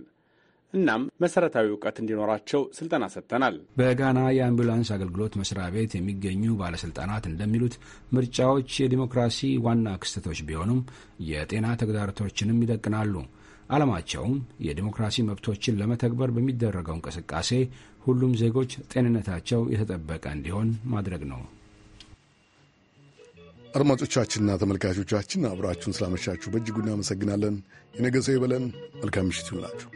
[SPEAKER 8] እናም መሰረታዊ እውቀት እንዲኖራቸው ስልጠና ሰጥተናል።
[SPEAKER 4] በጋና የአምቡላንስ አገልግሎት መስሪያ ቤት የሚገኙ ባለስልጣናት እንደሚሉት ምርጫዎች የዲሞክራሲ ዋና ክስተቶች ቢሆኑም የጤና ተግዳሮቶችንም ይደቅናሉ። ዓላማቸውም የዲሞክራሲ መብቶችን ለመተግበር በሚደረገው እንቅስቃሴ ሁሉም ዜጎች ጤንነታቸው የተጠበቀ እንዲሆን
[SPEAKER 1] ማድረግ ነው። አድማጮቻችንና ተመልካቾቻችን አብራችሁን ስላመሻችሁ በእጅጉ እናመሰግናለን። የነገ ሰው ይበለን። መልካም ምሽት ይሁንላችሁ።